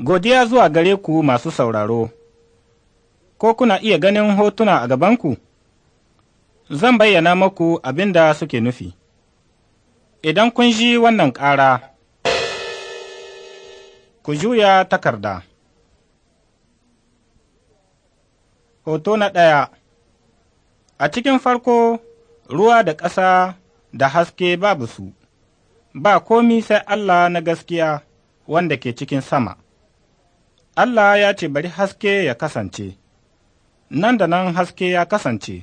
Godiya zuwa gare ku masu sauraro, ko kuna iya ganin hotuna a gabanku? Zan bayyana maku abin da suke nufi. Idan kun ji wannan ƙara, ku juya takarda. Hoto na ɗaya A cikin farko, ruwa da ƙasa da haske babu su, ba komi sai Allah na gaskiya wanda ke cikin sama. Allah ya ce bari haske ya kasance, nan da nan haske ya kasance,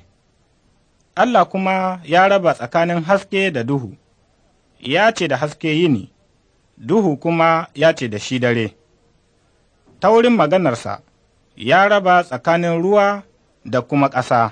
Allah kuma ya raba tsakanin haske da duhu, ya ce da haske yini, duhu kuma ya ce da shi dare. Ta wurin maganarsa, ya raba tsakanin ruwa da kuma ƙasa.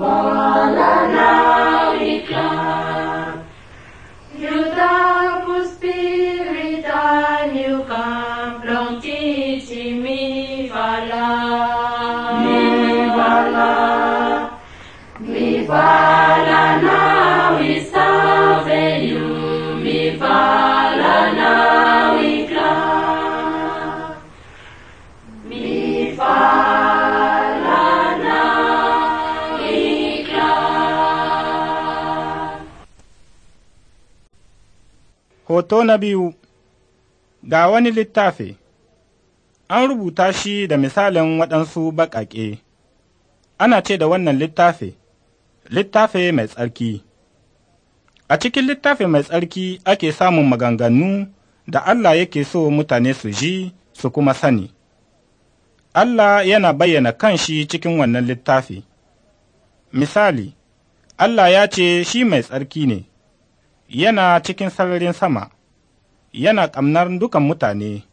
Bala. Hoto na biyu Ga wani littafi, an rubuta shi da misalin waɗansu baƙaƙe, ana ce da wannan littafi, littafi mai tsarki. A cikin littafi mai tsarki ake samun maganganu da Allah yake so mutane su ji su kuma sani. Allah yana bayyana kanshi cikin wannan littafi. Misali, Allah ya ce shi mai tsarki ne. yana cikin sararin sama, yana ƙamnar dukan mutane,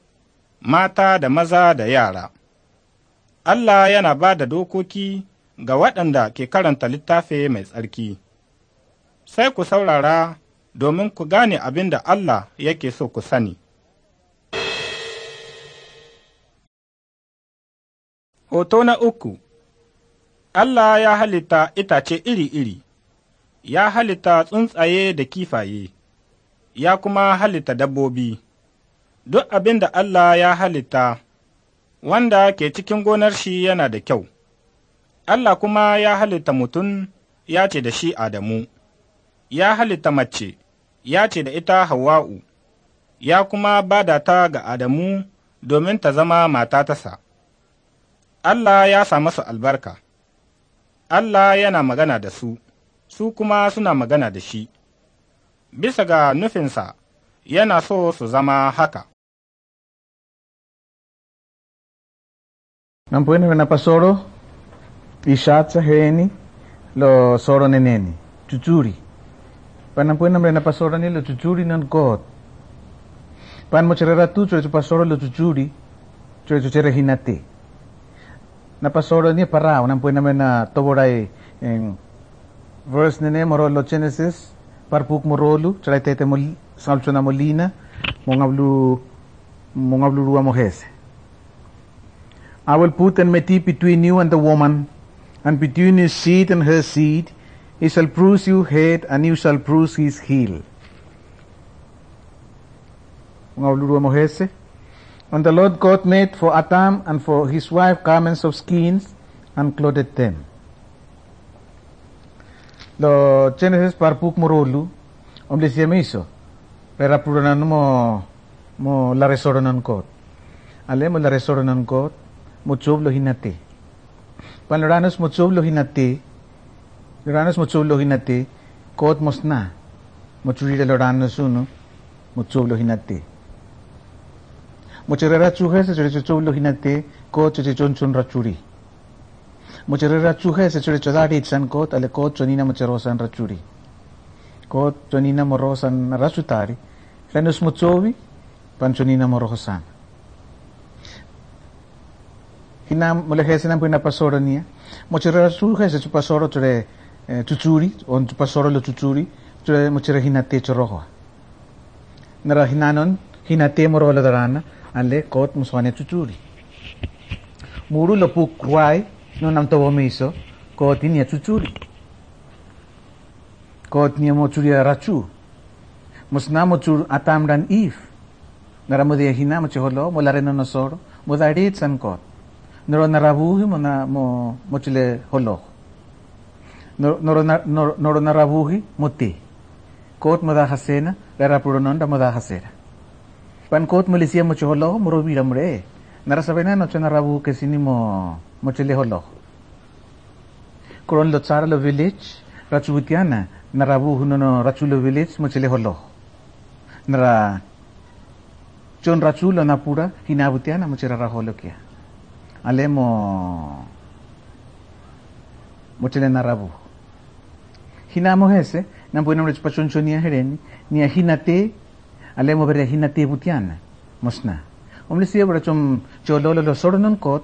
mata da maza da yara. Allah yana ba da dokoki ga waɗanda ke karanta littafi mai tsarki. Sai ku saurara domin ku gane abin da Allah yake so ku sani. Hoto na uku Allah ya halitta itace iri-iri. ya halitta tsuntsaye da kifaye, ya kuma halitta dabbobi, duk abin da Allah ya halitta, wanda ke cikin gonar shi yana da kyau. Allah kuma ya halitta mutum ya ce da shi Adamu, ya halitta mace, ya ce da ita Hawwa'u, ya kuma bada ta ga Adamu domin ta zama mata tasa. Allah ya sa masu albarka, Allah yana magana da su. su kuma suna magana da shi, bisa ga nufinsa yana so su zama haka. Nampwene na soro ishatsa heni lo soro neneni chuchuri panampwene mrena pasoro ni lo chuchuri nan god pan mocherera tu chore chu pasoro lo chuchuri chore chu chere hinate na pasoro ni parao nampwene na toborai en Verse versnene morolo Genesis parpuk morolo chalaitete mol salchona molina mongablu mongablu rua mojese. I will put enmity between you and the woman, and between your seed and her seed. He shall bruise your head, and you shall bruise his heel. And the Lord God made for Adam and for his wife garments of skins and clothed them. Lo chenes parpuk morolu, omle si emiso, pera puranan mo mo la resoranan kot. Ale mo la resoranan kot, mo chub lo hinate. Pan loranos mo chub lo hinate, loranos mo chub lo hinate, kot na mo churi churira loranos uno, mo chub lo hinate. Mo churera chujes, churera chub lo hinate, kot chuchechon chun rachuri. mochere rachuje se chure choda ti san ko tale ko chonina mochero san rachuri ko chonina moro san rachutari fenu smuchovi pan chonina moro san hina moleje se nan puina pasoro nia mochere rachuje se chu pasoro chure eh, chuchuri on chu pasoro lo chuchuri chure mochere hina te choroja nara hinanon hina te moro lo darana ale ko musone chuchuri muru lo pu kruai no nam to miso ko tinia chuchuri ko tinia mochuri rachu musnamo chur atamdan if naramo de hinamo cheholo nosor nosoro modarit sankot noro narabuhi mona mo mochile holo noro noro narabuhi kot moda hasena gara puronon da moda hasera pan kot mo mocheholo moro biramre narasabena noche narabu que sinimo holo kuron lo tsara lo village, Rachubutiana, Narabu Hunono Rachulo village, holo Nara Chon Rachulo Napura, Hinabutiana, Mochirara Holokia. Alemo Mochile Narabu. Hinamo Hese, Nambuena chonia Hereni, Nia Hinate, Alemo Bere Hinate Butiana, Mosna. Omlisia chom Chololo lo Sornon Kot,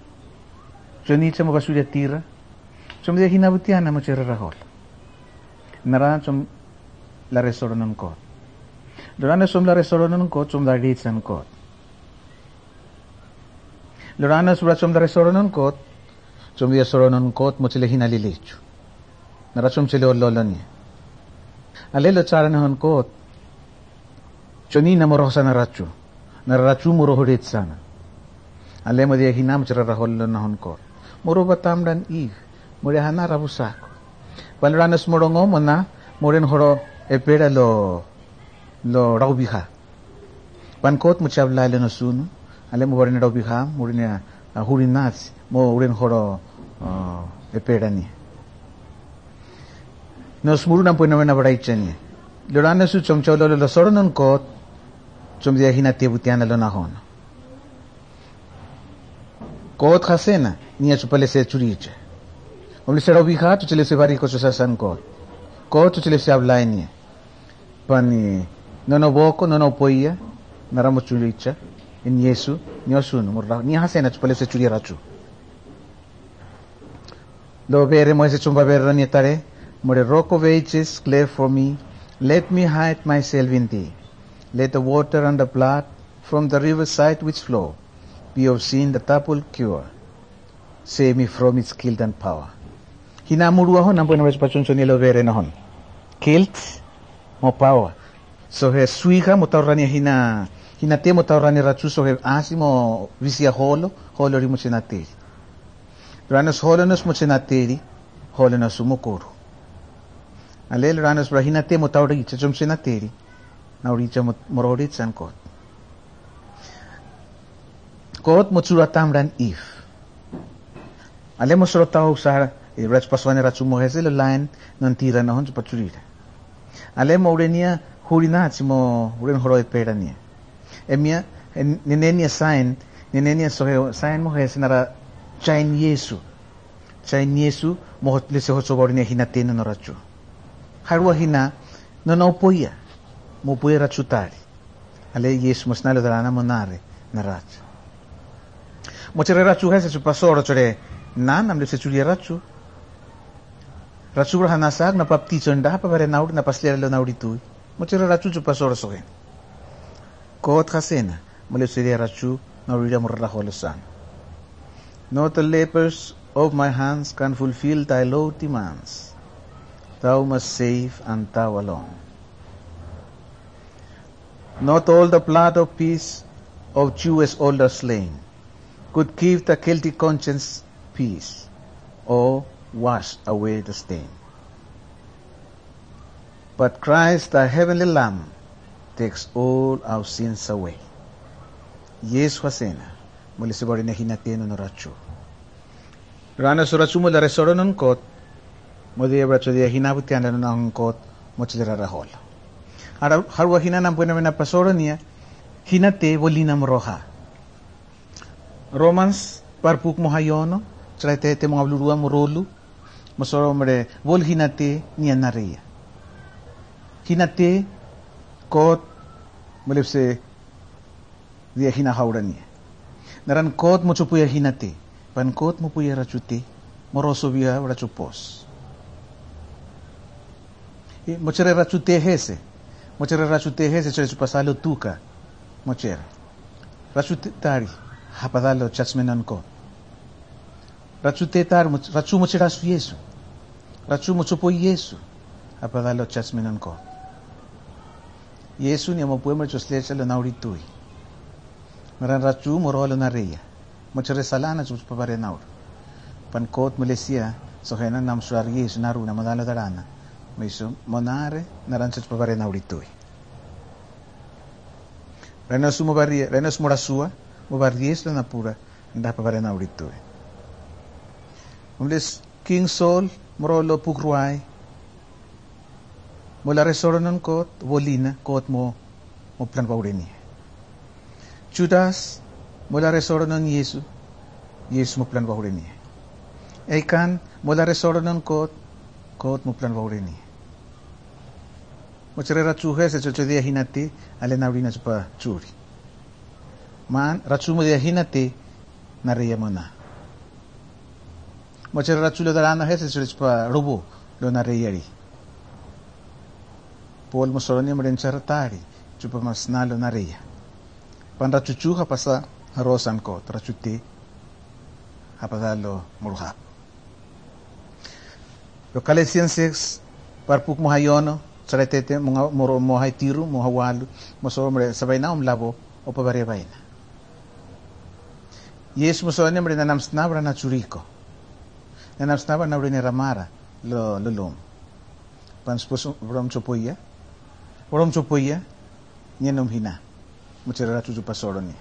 chonichamo basuya tierra, chom de hinabutiana mochera rajol. Naran chom la resoron kot. Lorana som la resoron kot, chom la ritzan kot. Lorana na chom la resoron kot, chom de soronon kot mochile hinalilichu. Narachom chile ololoni. Alelo charan hon kot, chonina morosa narachu. Narachu morohorit sana. Alemo de hinam chera rajol non kot. Morobatam dan ig, morehana rabusako. Balranas morongo mona, moren horo epera lo lo raubija. Bankot muchabla le nosun, ale moren raubija, moren hurinaz, moren horo eperani. Nos murunan pues no ven a braichani. Lorana su chomcholo lo soronon kot, chomdia hinatibutiana lo nahono. Kot hasena. యేసు ప్లేస్ చేయు చిచం. ఒమ్లిస్టరోబీ ఖా తో చిలే సివారి కోసససన్ కో. కో తో చిలే సివ్ లైని. పాని నోనోవోకో నోనో పోయీ. నారా మోచులిచ. ఇన్ యేసు, నియోషును ముర. నిహా సేనాస్ ప్లేస్ చేయు రాచు. దోవేరెమోస్ హేచోం బవేర్ నియతరే. మురే rock of ages clear for me. Let me hide my self in thee. Let the water and the blood from the river side which flow. Be of sin the double cure. save me from its guilt and power. Hinamuruwa ho nampo inawe spachon so nilo vere nahon. Guilt mo power. So he suiha mo taurani hina hina te mo taurani ratsu so he asi mo visia holo holo rimu chenateri. Ranos holo nos mo chenateri holo nos umokoro. Alel ranos brahina te mo taurani ichachom chenateri na uricha mororitsan kot. Kot mo churatam ran if. Al solo soltado usar el eh, rech paswane rachumo hese lo lain nantira no honcho pachurira. Al urenia jurina chimo uren horo de perania. Emia e nenenia sain nenenia so sain mo nara chain yesu. Chain yesu mo lese borne hina tena no rachu. Harwa hina no no poia. Mo poia rachutari. Ale yesu mosnalo dalana monare narachu. Mocherera chuhese su pasoro chore Nana mlipsechulia rachu rachu rahanasag napapticho ndah papare naur napaslera lo nauritu mochera rachu chupasora sogen kot hasena mlipsechulia rachu naurira morra holosan Not the labors of my hands can fulfill thy low demands. Thou must save and thou alone. Not all the blood of peace of Jewish older slain could keep the Celtic conscience peace or wash away the stain. But Christ, the heavenly Lamb, takes all our sins away. Yes, Yesu asema, mulisibori na hinateno no rachu. Rana surachu mula resoro non kot, diya bracho dia hinabutianda non kot, mochilera rahol. Ara harwa hinanam buena na pasoro niya, hinate bolinam roha. Romans parpuk mohayono, Trai te mga blurua mo rolu. Masoro mre wol hinate niya nareya. Hinate kot malip se diya hinahawran niya. Naran kot mo chupuya hinate. Pan kot mo puya rachute. Moroso biya rachupos. Mochera rachute hese. Mochera rachute hese chare chupasalo tuka. Mochera. Rachute tari. Hapadalo chachmenan kot. Rachu tetar, rachu mo chiras yesu. Rachu mo chupo yesu. Apada lo chas minan ko. Yesu ni mo puema chos lecha lo nauritui. Maran rachu moro lo reya. Mo chiresalana chus papare naur. Pankot mulesia, sojena nam suar yesu naruna modalo darana. Me monare naran chus papare nauritui. Renas mo barrie, renas morasua, mo barries lo napura, da papare nauritui. Umalis King Saul, Morolo, Pugruay, mula resornon kot, wolina, kot mo, mo plan pa urini. Judas, mula resornon Yesu, Yesu mo plan pa urini. Eikan, mula resornon kot, kot mo plan pa urini. Mo chere ratsuhe, se chocho dia hinati, ale na urina chupa churi. Man, ratsu mo dia hinati, na mo na. mochera chulo da lana de una para rubo lo na reyeri pol mosoloni mren chartari chupa masna lo na Cuando chuchu ha pasa rosan ko trachuti ha murhap lo kale ciencias parpuk mohayono charetete mga moro mohaitiru mohawalu mosomre sabaina un labo o pabarebaina Yesu mosoloni mren namsnabra na churiko na narsnava na rini ramara lo lo lum pan spus rom chupuya rom chupuya nyenum hina muchera tu jupa soroni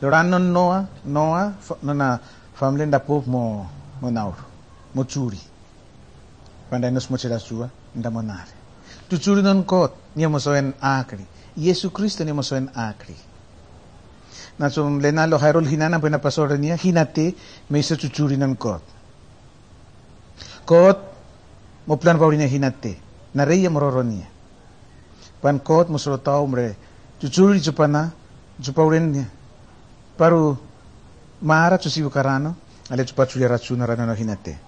lorano noa noa na family nda pop mo mo naur mo churi panda nos muchera sua nda monare tu churi non kot nyemo soen akri Yesu Kristo nyemo soen akri να τον λένε άλλο χαϊρόλ χινάνα που είναι πασόρενια, χινατή μέσα του τσούριναν κότ. Κότ, μου πλάν πάω είναι χινατή, να ρέγε μορορονία. Παν κότ, μου σωτάω μρε, του τσούρι τσουπανά, τσουπάω Πάρου μάρα του καράνο, αλε του πατσούλια ρατσού να ρανώ να χινατή.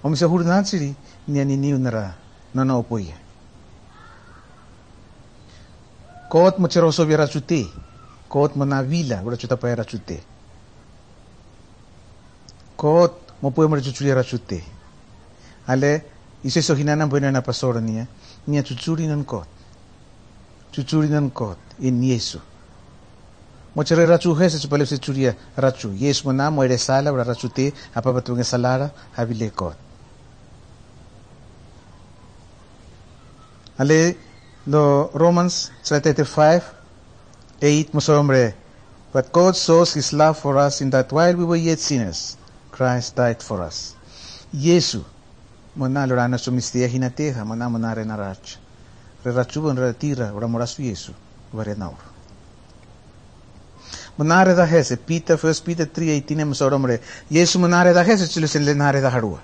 Όμως ο χουρνάτσιρι, νια νινίου να ρανώ να οπούγε. Κότ, μου Kot mana vila Bila cerita payah racute Kot Mopo yang merajucuri racute Ale Isi sohinanan Bila nak pasoran ni ya. Ni cucuri nan kot Cucuri nan kot In Yesu Mo cerai racu he Se cepalip se curia ya, racu Yesu mana Mo ere sala Bila racute Apa patungnya salara Habile kot Ale Lo Romans 35 8. Musoromre. But God shows his love for us in that while we were yet sinners, Christ died for us. Yesu, mona lorana so mistia hinateha, mona mona renarach. Rerachuban retira, ora morasu Yesu, varenaur. Monare da hese, Peter, 1 Peter 3, 18, musoromre. Yesu dahese da hese, chilus en lenare da harua.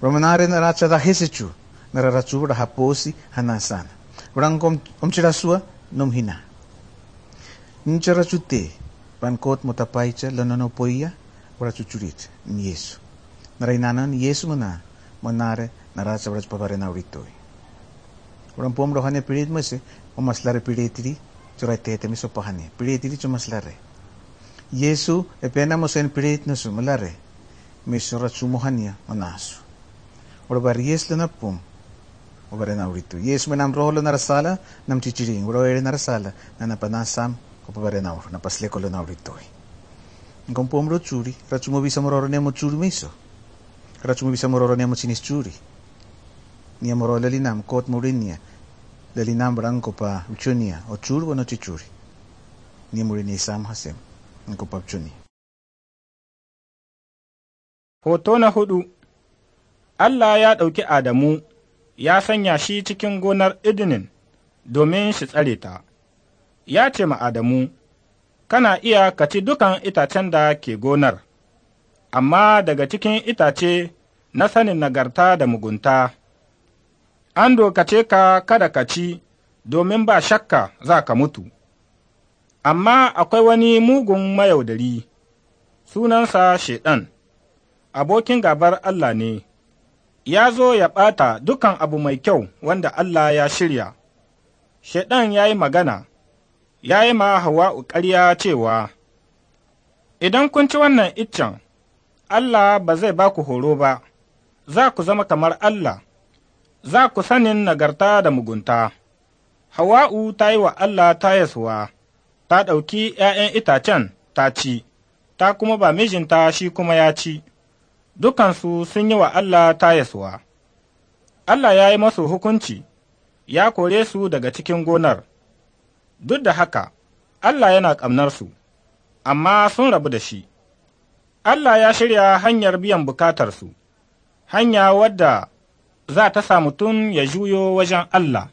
Romanare naracha da hese chu, nararachu, rahaposi, hanasana. Orang kom, om chirasua, nom hinah. Ncharachuti, pankot motapaicha lonono poia, brachuchurit, ni yesu. Narainanan yesu mana, manare, naracha brach papare nauritoi. pom rohane pirit mase, o maslare piritiri, choraitete miso pahane, piritiri cho maslare. Yesu, epenamos en pirit nasu malare, miso rachumohania manasu. Urabar yes lena lanapum, ubare nauritu. Yesu menam roholo narasala, nam chichiring, uro ere narasala, nanapanasam, go ba rena o na pasle ko le na o bitoi ngom pom ro churi ra chumo bisa mo rorone mo churi miso ra chumo bisa mo rorone mo chinis churi ni mo rorole li nam kot mo rinia le li nam bran ko pa uchunia o churi bono chi churi ni mo rinia sam hasem ngom pa uchunia hoto na hudu Allah ya dauki Adamu ya sanya shi cikin gonar Edenin domin shi tsare ta. ya ce ma Adamu, Kana iya ka ci dukan itacen da ke gonar, amma daga cikin itace na sanin nagarta da mugunta, an dokace ka kada ka ci domin ba shakka za ka mutu. Amma akwai wani mugun mayaudari, sunansa Shaiɗan, abokin gabar Allah ne. ya zo ya ɓata dukan abu mai kyau wanda Allah ya shirya. Shaiɗan ya yi magana, ya yi ma Hawa'u ƙarya cewa, Idan kun ci wannan iccen, Allah ba zai ba ku horo ba, za ku zama kamar Allah, za ku sanin nagarta da mugunta. Hawa'u ta yi wa Allah tayaswa, ta ɗauki ’ya'yan itacen ta ci, ta kuma ba mijinta shi kuma ya ci, dukansu sun yi wa Allah tayaswa. Allah ya yi masu hukunci, ya kore su daga cikin gonar. Duk da haka, Allah yana ƙamnarsu, amma sun rabu da shi. Allah ya shirya hanyar biyan bukatarsu, hanya wadda za ta sa mutum ya juyo wajen Allah.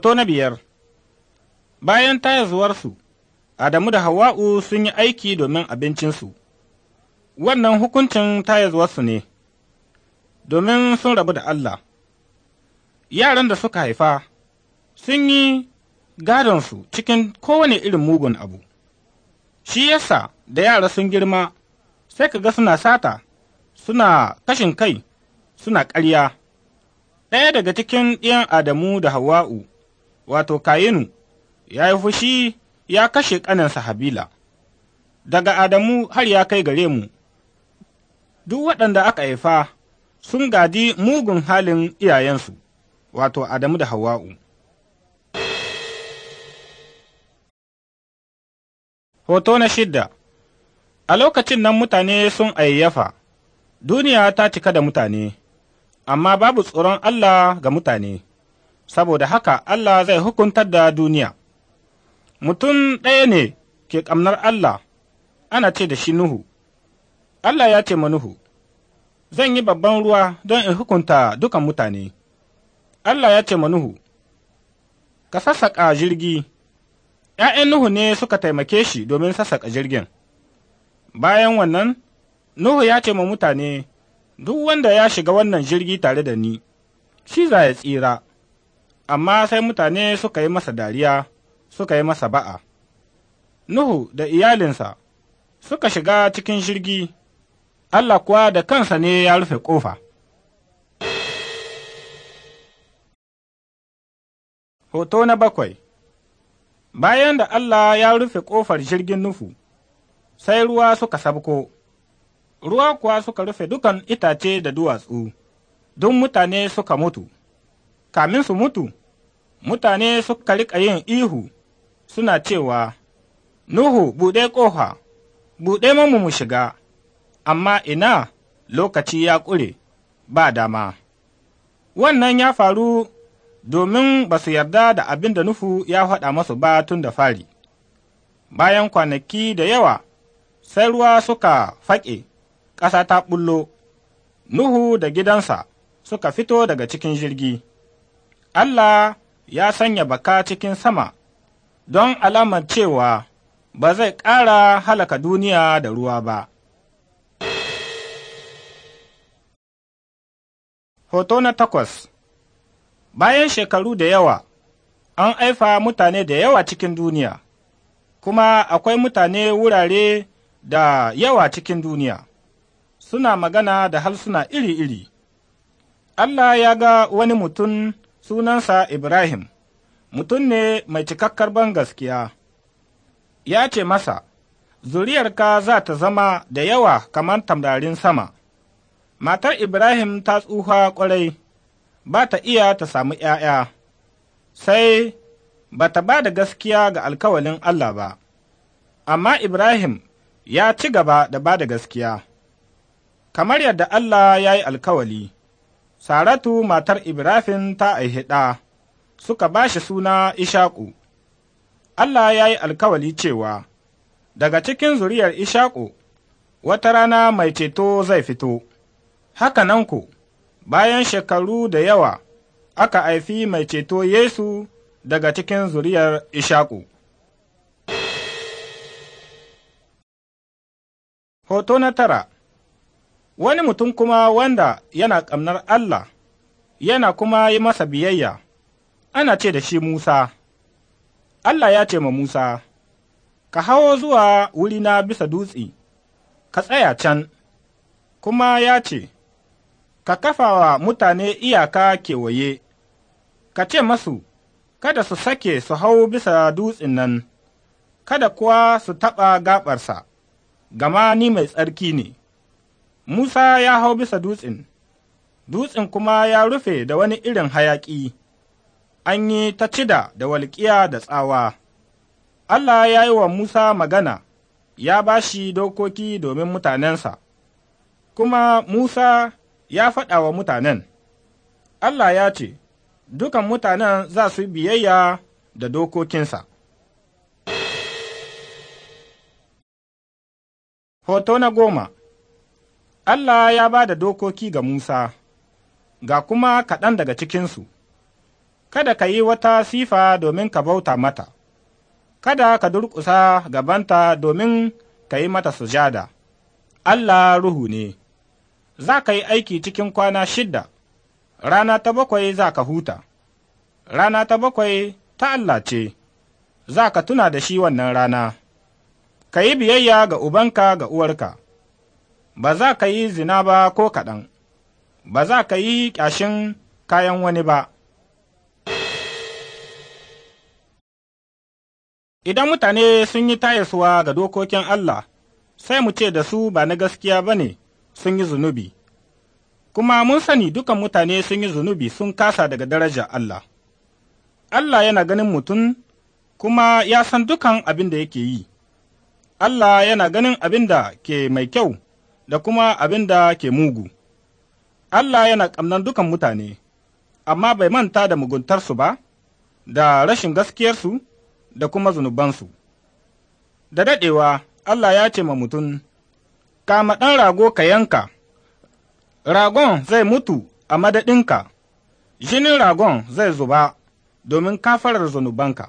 Hoto na biyar Bayan tayazuwarsu, Adamu da Hawa'u sun yi aiki domin abincinsu, wannan hukuncin tayazuwarsu ne, domin sun rabu da Allah. Yaran da suka haifa sun yi gadonsu cikin kowane irin mugun abu, shi yasa da yara sun girma sai ka ga suna sata, suna kashin kai, suna ƙarya. ɗaya daga cikin ɗiyan Adamu da Hawa'u wato Kayinu, ya yi fushi ya kashe ƙaninsa Habila, daga Adamu har ya kai gare mu, duk waɗanda aka haifa sun gadi mugun halin iyayensu, wato Adamu da Hawa’u. Hoto na shidda A lokacin nan mutane sun ayyafa, duniya ta cika da mutane, amma babu tsoron Allah ga mutane. saboda haka Allah zai hukuntar da duniya. Mutum ɗaya ne ke ƙamnar Allah, ana ce da shi Nuhu. Allah ya ce ma Nuhu, Zan yi babban ruwa don in hukunta dukan mutane. Allah ya ce ma Nuhu, Ka sassaƙa jirgi, ’ya'yan Nuhu ne suka taimake shi domin sassaƙa jirgin. Bayan wannan, Nuhu ya ce ma mutane, Duk wanda ya shiga wannan jirgi tare da ni, shi za ya tsira. amma sai mutane suka yi masa dariya suka yi masa ba'a. Nuhu da iyalinsa suka shiga cikin jirgi, Allah kuwa da kansa ne ya rufe ƙofa. Hoto na bakwai Bayan da Allah ya rufe ƙofar jirgin Nuhu, sai ruwa suka sabko, ruwa kuwa suka rufe dukan itace da duwatsu, don mutane suka mutu, kamin su mutu. mutane suka riƙa yin ihu suna cewa, Nuhu buɗe ƙoha, buɗe mamu mu shiga, amma ina lokaci ya ƙure ba dama. Wannan ya faru domin ba su yarda da abin da Nuhu ya faɗa masu ba tun da fari. Bayan kwanaki da yawa, sai ruwa suka faƙe, ƙasa ta ɓullo, Nuhu da gidansa suka fito daga cikin jirgi. Allah ya sanya baka cikin sama, don alamar cewa ba zai ƙara halaka duniya da ruwa ba. Hoto na takwas Bayan shekaru da yawa, an aifa mutane da yawa cikin duniya, kuma akwai mutane wurare da yawa cikin duniya, suna magana da harsuna iri-iri. Allah ya ga wani mutum sunansa Ibrahim, mutum ne mai cikakkar ban gaskiya. Ya ce masa, Zuriyarka za ta zama da yawa kamar tamdarin sama. Matar Ibrahim ta tsufa ƙwarai, ba ta iya ta samu ’ya'ya, sai ba ta ba da gaskiya ga alkawalin Allah ba, amma Ibrahim ya ci gaba da ba da gaskiya, kamar yadda Allah ya yi alkawali. Saratu matar Ibrahim ta aihi ɗa, suka ba shi suna Ishaku. Allah ya yi alkawali cewa, Daga cikin zuriyar Ishaku, wata rana mai ceto zai fito, haka nan ku, bayan shekaru da yawa aka haifi mai ceto Yesu daga cikin zuriyar Ishaku. Hoto na tara wani mutum kuma wanda yana ƙamnar Allah, yana kuma yi masa biyayya, ana ce da shi Musa. Allah ya ce ma Musa, Ka hawo zuwa wurina bisa dutse, ka tsaya can, kuma ya ce, Ka kafa wa mutane iyaka kewaye, ka ce masu, Kada su sake su hau bisa dutsen nan, kada kuwa su taɓa gaɓarsa, gama ni mai tsarki ne. Musa ya hau bisa dutsen, dutsen kuma ya rufe da wani irin hayaƙi, an yi ta cida da walƙiya da tsawa. Allah ya yi wa Musa magana, ya ba shi dokoki domin mutanensa, kuma Musa ya faɗa wa mutanen, Allah ya ce, Dukan mutanen za su biyayya da dokokinsa. Hoto na goma Allah ya ba da dokoki ga Musa, ga kuma kaɗan daga cikinsu, kada ka yi wata sifa domin ka bauta mata, kada ka durƙusa gabanta domin ka yi mata sujada, Allah ruhu ne, za ka yi aiki cikin kwana shidda, rana ta bakwai za ka huta, rana ta bakwai ta Allah ce, za ka tuna da shi wannan rana, ka yi biyayya ga ubanka ga uwarka. ba za ka yi zina ba ko kaɗan, ba za ka yi ƙyashin kayan wani ba. Idan mutane sun yi tayasuwa ga dokokin Allah, sai mu ce da su ba na gaskiya ba ne sun yi zunubi, kuma mun sani dukan mutane sun yi zunubi sun kasa daga darajar Allah. Allah yana ganin mutum kuma ya san dukan abin da yake yi, Allah yana ganin abin da ke mai kyau da kuma abin da ke mugu. Allah yana ƙamnan dukan mutane, amma bai manta da muguntarsu ba, da rashin gaskiyarsu, da kuma zunubansu. Da daɗewa, Allah ya ce ma mutum, Kama ɗan rago ka yanka, ragon zai mutu a madaɗinka. jinin ragon zai zuba domin kafarar zunubanka.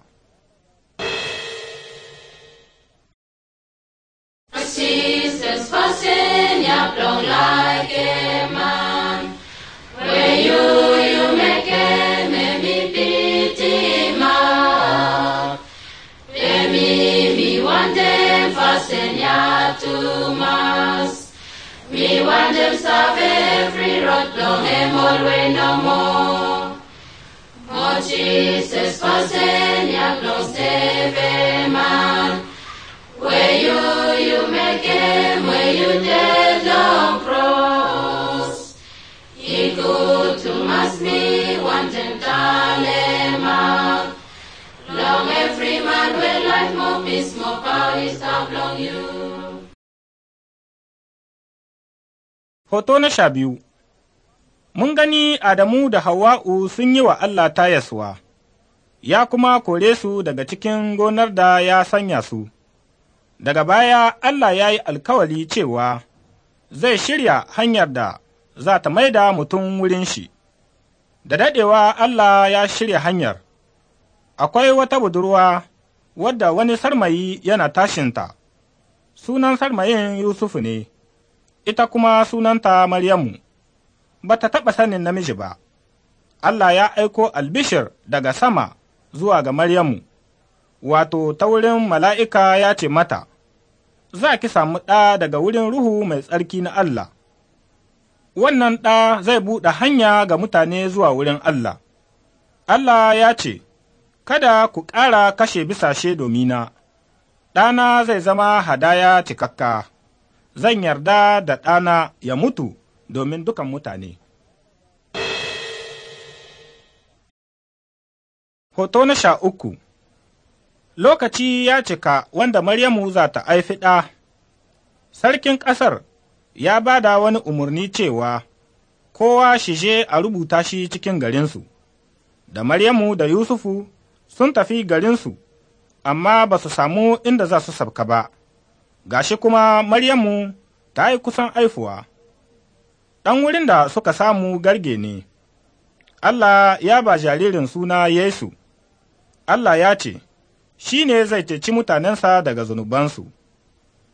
don't like a man. When you, you make a make me pity man. Then me, me want them fasten ya to mass. Me want them serve every road, don't them all way no more. Oh Jesus, for fasten ya close every man. Where you, you make him, where you dead. miłam Hoto na sha biyu Mun gani Adamu da Hawa'u sun yi wa Allah tayaswa, ya kuma kore su daga cikin gonar da ya sanya su. Daga baya Allah ya yi alkawali cewa zai shirya hanyar da za ta maida mutum wurin shi. Da daɗewa Allah ya shirya hanyar, akwai wata budurwa wadda wani sarmayi yana tashinta, sunan sarmayin Yusufu ne, ita kuma sunanta Maryamu, ba ta taɓa sanin namiji ba, Allah ya aiko albishir daga sama zuwa ga Maryamu, wato ta wurin mala'ika ya ce mata, Za ki samu ɗa daga wurin Ruhu mai tsarki na Allah. wannan ɗa zai buɗe hanya ga mutane zuwa wurin Allah. Allah ya ce, Kada ku ƙara kashe bisashe domina, ɗana zai zama hadaya cikakka, zan yarda da ɗana ya mutu domin dukan mutane. Hoto na sha uku Lokaci ya cika wanda Maryamu za ta aifi ɗa, sarkin ƙasar ya ba da wani umarni cewa kowa shije a rubuta shi cikin garinsu, da Maryamu da Yusufu sun tafi garinsu, amma ba su samu inda za su sabka ba, ga shi kuma Maryamu ta yi kusan aifuwa. Ɗan wurin da suka samu garge ne, Allah ya ba jaririn suna Yesu, Allah ya ce, Shi ne zai ceci mutanensa daga zunubansu.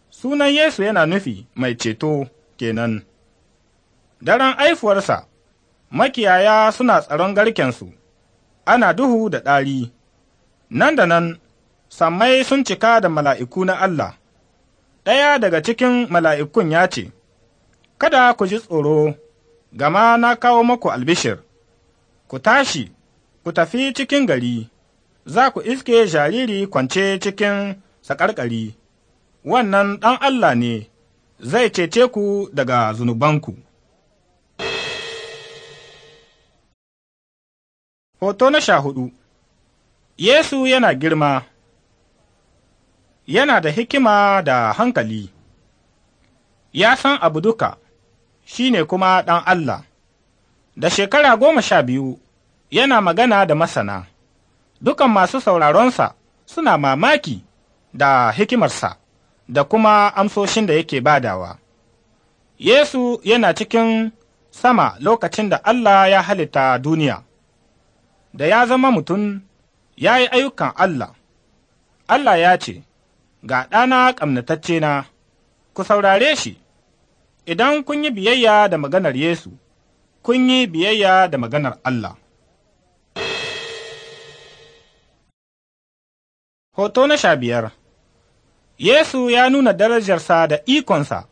Sunan Yesu yana nufi mai ceto kenan. Daren aifuwarsa, makiyaya suna tsaron garkensu, ana duhu da ɗari, nan da nan, sammai sun cika da mala'iku na Allah. Ɗaya daga cikin mala'ikun ya ce, Kada ku ji tsoro, gama na kawo maku albishir, ku tashi, ku tafi cikin gari, za ku iske jariri kwance cikin saƙarƙari. wannan ɗan Allah ne zai cece ku daga zunubanku. Hoto na sha hudu Yesu yana girma, yana da hikima da hankali, ya san abu duka, shi ne kuma ɗan Allah, da shekara goma sha biyu yana magana da masana, dukan masu sauraronsa suna mamaki da hikimarsa. da kuma amsoshin da yake badawa. Yesu yana cikin sama lokacin da Allah ya halitta duniya, da ya zama mutum ya yi ayyukan Allah. Allah ya ce, Ga ɗana ƙamnatacce na, ku saurare shi, idan kun yi biyayya da maganar Yesu, kun yi biyayya da maganar Allah. Hoto na sha biyar Yesu ya nuna darajarsa da ikonsa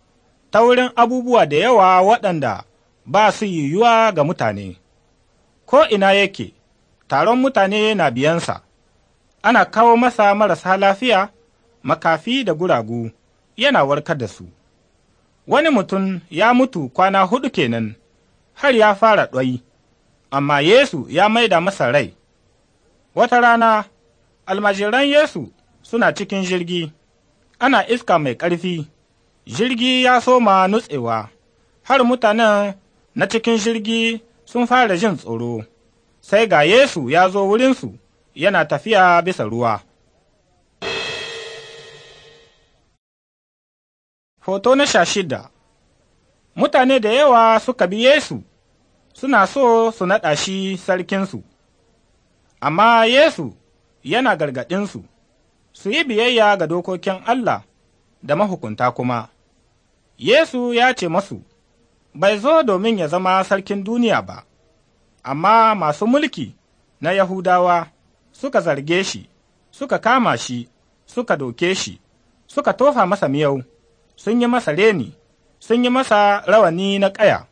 ta wurin abubuwa da yawa waɗanda ba su yiwuwa ga mutane. Ko ina yake, taron mutane na biyansa, ana kawo masa marasa lafiya, makafi da guragu, yana warkar da su. Wani mutum ya mutu kwana hudu kenan, har ya fara ɗwai, amma Yesu ya maida masa rai. Wata rana, almajiran Yesu suna cikin jirgi. ana iska mai ƙarfi, jirgi ya soma nutsewa, har mutanen na cikin jirgi sun fara jin tsoro, sai ga Yesu ya zo wurinsu yana tafiya bisa ruwa. Hoto na sha shida Mutane da yawa suka bi Yesu, suna so su naɗa shi sarkinsu, amma Yesu yana gargaɗinsu. su yi biyayya ga dokokin Allah da mahukunta kuma. Yesu ya ce masu, Bai zo domin ya zama sarkin duniya ba, amma masu mulki na Yahudawa suka zarge shi, suka kama shi, suka doke shi, suka tofa masa miyau, sun yi masa reni, sun yi masa rawani na ƙaya.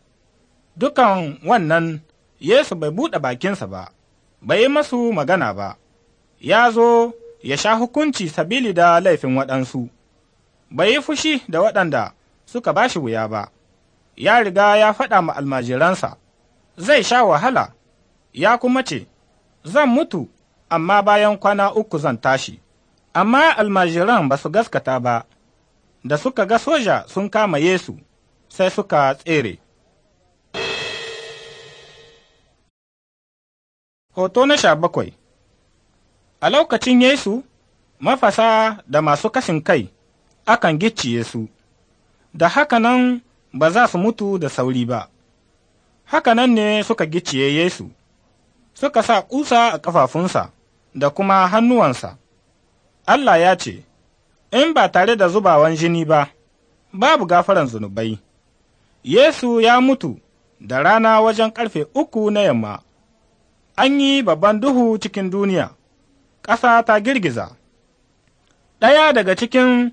Dukan wannan Yesu bai buɗe bakinsa ba, bai yi masu magana ba, ya zo ya sha hukunci sabili da laifin waɗansu, bai yi fushi da waɗanda suka ba shi wuya ba, ya riga ya faɗa ma almajiransa, zai sha wahala, ya kuma ce, Zan mutu, amma bayan kwana uku zan tashi. Amma almajiran ba su gaskata ba, da suka ga soja sun kama Yesu, sai suka tsere. Hoto na sha bakwai A lokacin Yesu, mafasa da masu kashin kai akan gicciye su, da haka nan ba za su mutu da sauri ba. Haka nan ne suka gicciye Yesu, suka sa ƙusa a ƙafafunsa da kuma hannuwansa. Allah ya ce, In ba tare da zubawan jini ba, babu gafaran zunubai. Yesu ya mutu da rana wajen ƙarfe uku na yamma, an yi babban duhu cikin duniya. ƙasa ta girgiza. Ɗaya daga cikin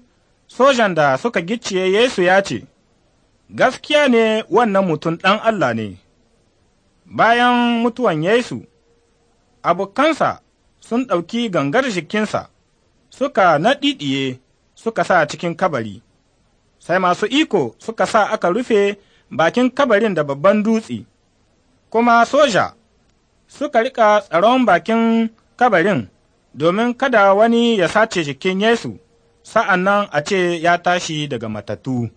sojan da suka gicciye Yesu ya ce, Gaskiya ne wannan mutum ɗan Allah ne. Bayan mutuwan Yesu, abokansa sun ɗauki gangar jikinsa, suka naɗiɗiye suka sa cikin kabari, sai masu iko suka sa aka rufe bakin kabarin da babban dutse, kuma soja suka riƙa tsaron bakin kabarin domin kada wani ya sace jikin Yesu, sa'an nan a ce ya tashi daga matattu.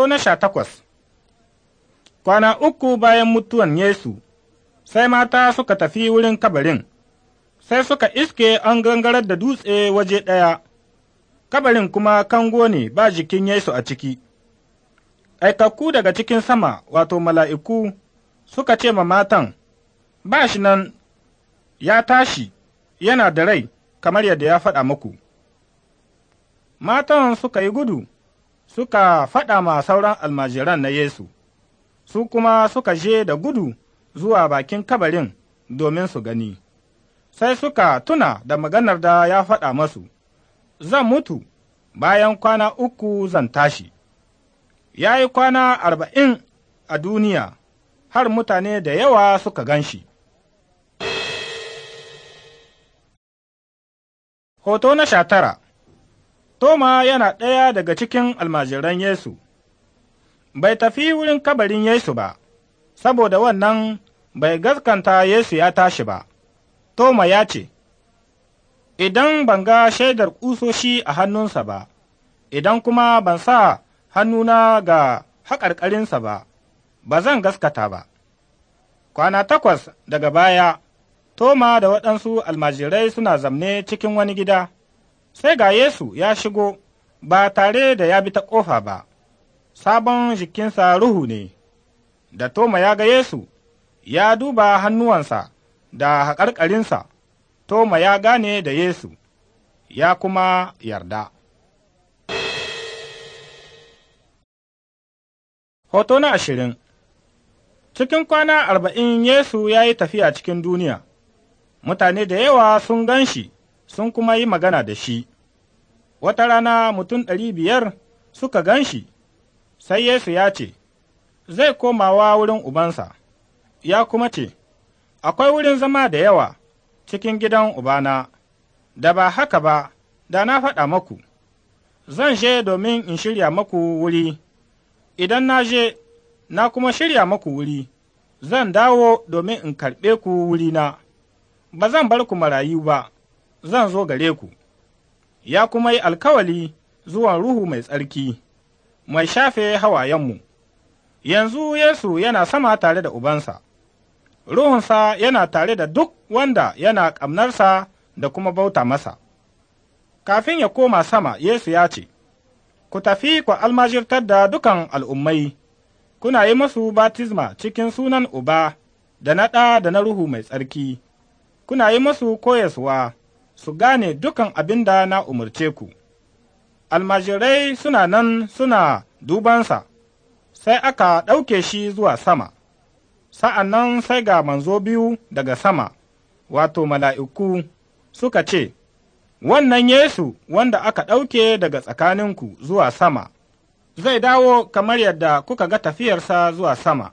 Hoto na sha takwas Kwana uku bayan mutuwan Yesu, sai mata suka tafi wurin kabarin, sai suka iske an gangarar da dutse waje ɗaya, kabarin kuma kango ne ba jikin Yesu a ciki. Aikakku daga cikin sama, wato mala'iku, suka ce ma matan, Ba shi nan ya tashi, yana da rai, kamar yadda ya faɗa muku. Matan suka yi gudu. suka faɗa ma sauran almajiran na Yesu, su kuma suka je da gudu zuwa bakin kabarin domin su gani. Sai suka tuna da maganar da ya faɗa masu, Zan mutu bayan kwana uku zan tashi. Ya yi kwana arba'in a duniya, har mutane da yawa suka gan shi. Hoto na sha tara Toma yana ɗaya daga cikin almajiran Yesu, bai tafi wurin kabarin Yesu ba, saboda wannan bai gaskanta Yesu ya tashi ba. Toma ya ce, Idan ban ga shaidar ƙusoshi a hannunsa ba, idan kuma ban sa hannuna ga haƙarƙarinsa ba, ba zan gaskata ba. Kwana takwas daga baya, Toma da waɗansu almajirai suna zamne cikin wani gida. sai ga Yesu ya shigo ba tare da ya bi ta ƙofa ba, sabon jikinsa ruhu ne, da Toma ya ga Yesu, ya duba hannuwansa da haƙarƙarinsa, Toma ya gane da Yesu, ya kuma yarda. Hoto na ashirin Cikin kwana arba'in Yesu ya yi tafiya cikin duniya, mutane da yawa sun gan shi. sun kuma yi magana da shi. Wata rana mutum ɗari biyar suka gan shi, sai Yesu ya ce, Zai komawa wurin ubansa, ya kuma ce, Akwai wurin zama da yawa cikin gidan ubana, da ba haka ba, da na faɗa maku, zan je domin in shirya maku wuri, idan na je, na kuma shirya maku wuri, zan dawo domin in karɓe ku wurina, ba zan bar ku marayu ba. zan zo gare ku, ya kuma yi alkawali zuwa Ruhu mai tsarki, mai shafe hawayenmu. Yanzu Yesu yana sama tare da Ubansa, Ruhunsa yana tare da duk wanda yana ƙamnarsa da kuma bauta masa. Kafin ya koma sama, Yesu ya ce, Ku tafi ku almajirtar da dukan al'ummai, kuna yi masu batizma cikin sunan Uba da na ɗa da na Ruhu mai tsarki, kuna yi masu koyaswa. su gane dukan abin da na umarce ku. Almajirai suna nan suna dubansa, sai aka ɗauke shi zuwa sama, sa'an nan sai ga manzo biyu daga sama, wato mala'iku suka ce, Wannan Yesu wanda aka ɗauke daga tsakaninku zuwa sama, zai dawo kamar yadda kuka ga tafiyarsa zuwa sama.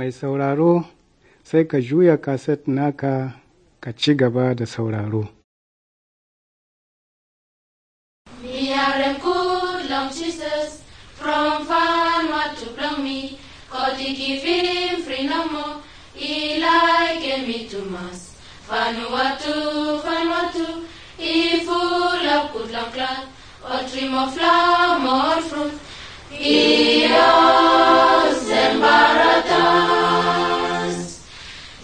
mai sauraro sai ka juya kaset naka ka ci gaba da sauraro. We are a good from to God he him free no more, he like me to mass. he full of good long of fruit. He,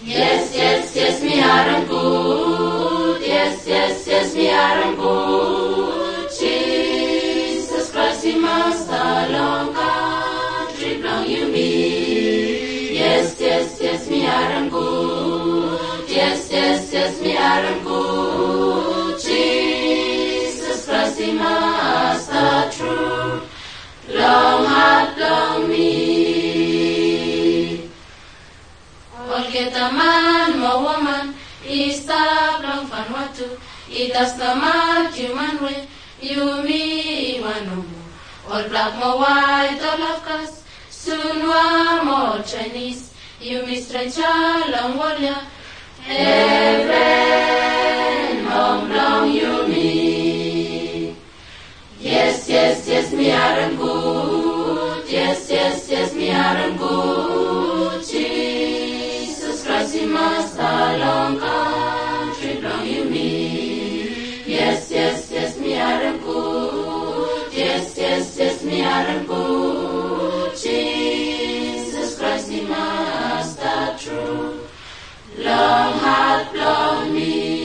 Yes, yes, yes, me are good. Yes, yes, yes, me are good. Jesus Christ, we must long country belong you me. Yes, yes, yes, me are good. Yes, yes, yes, me are good. Jesus Christ, we must true. Long heart, long me. A man or woman is long fan the itastamal human way you me wanomu all black more white all of us soon more Chinese you me strange long warrior heaven long long you me yes yes yes me are good yes yes yes me are good Maximus alonga, triplong you me. Yes, yes, yes, me aram good. Yes, yes, yes, me aram good. Jesus Christ, the Master true. love heart, brought me.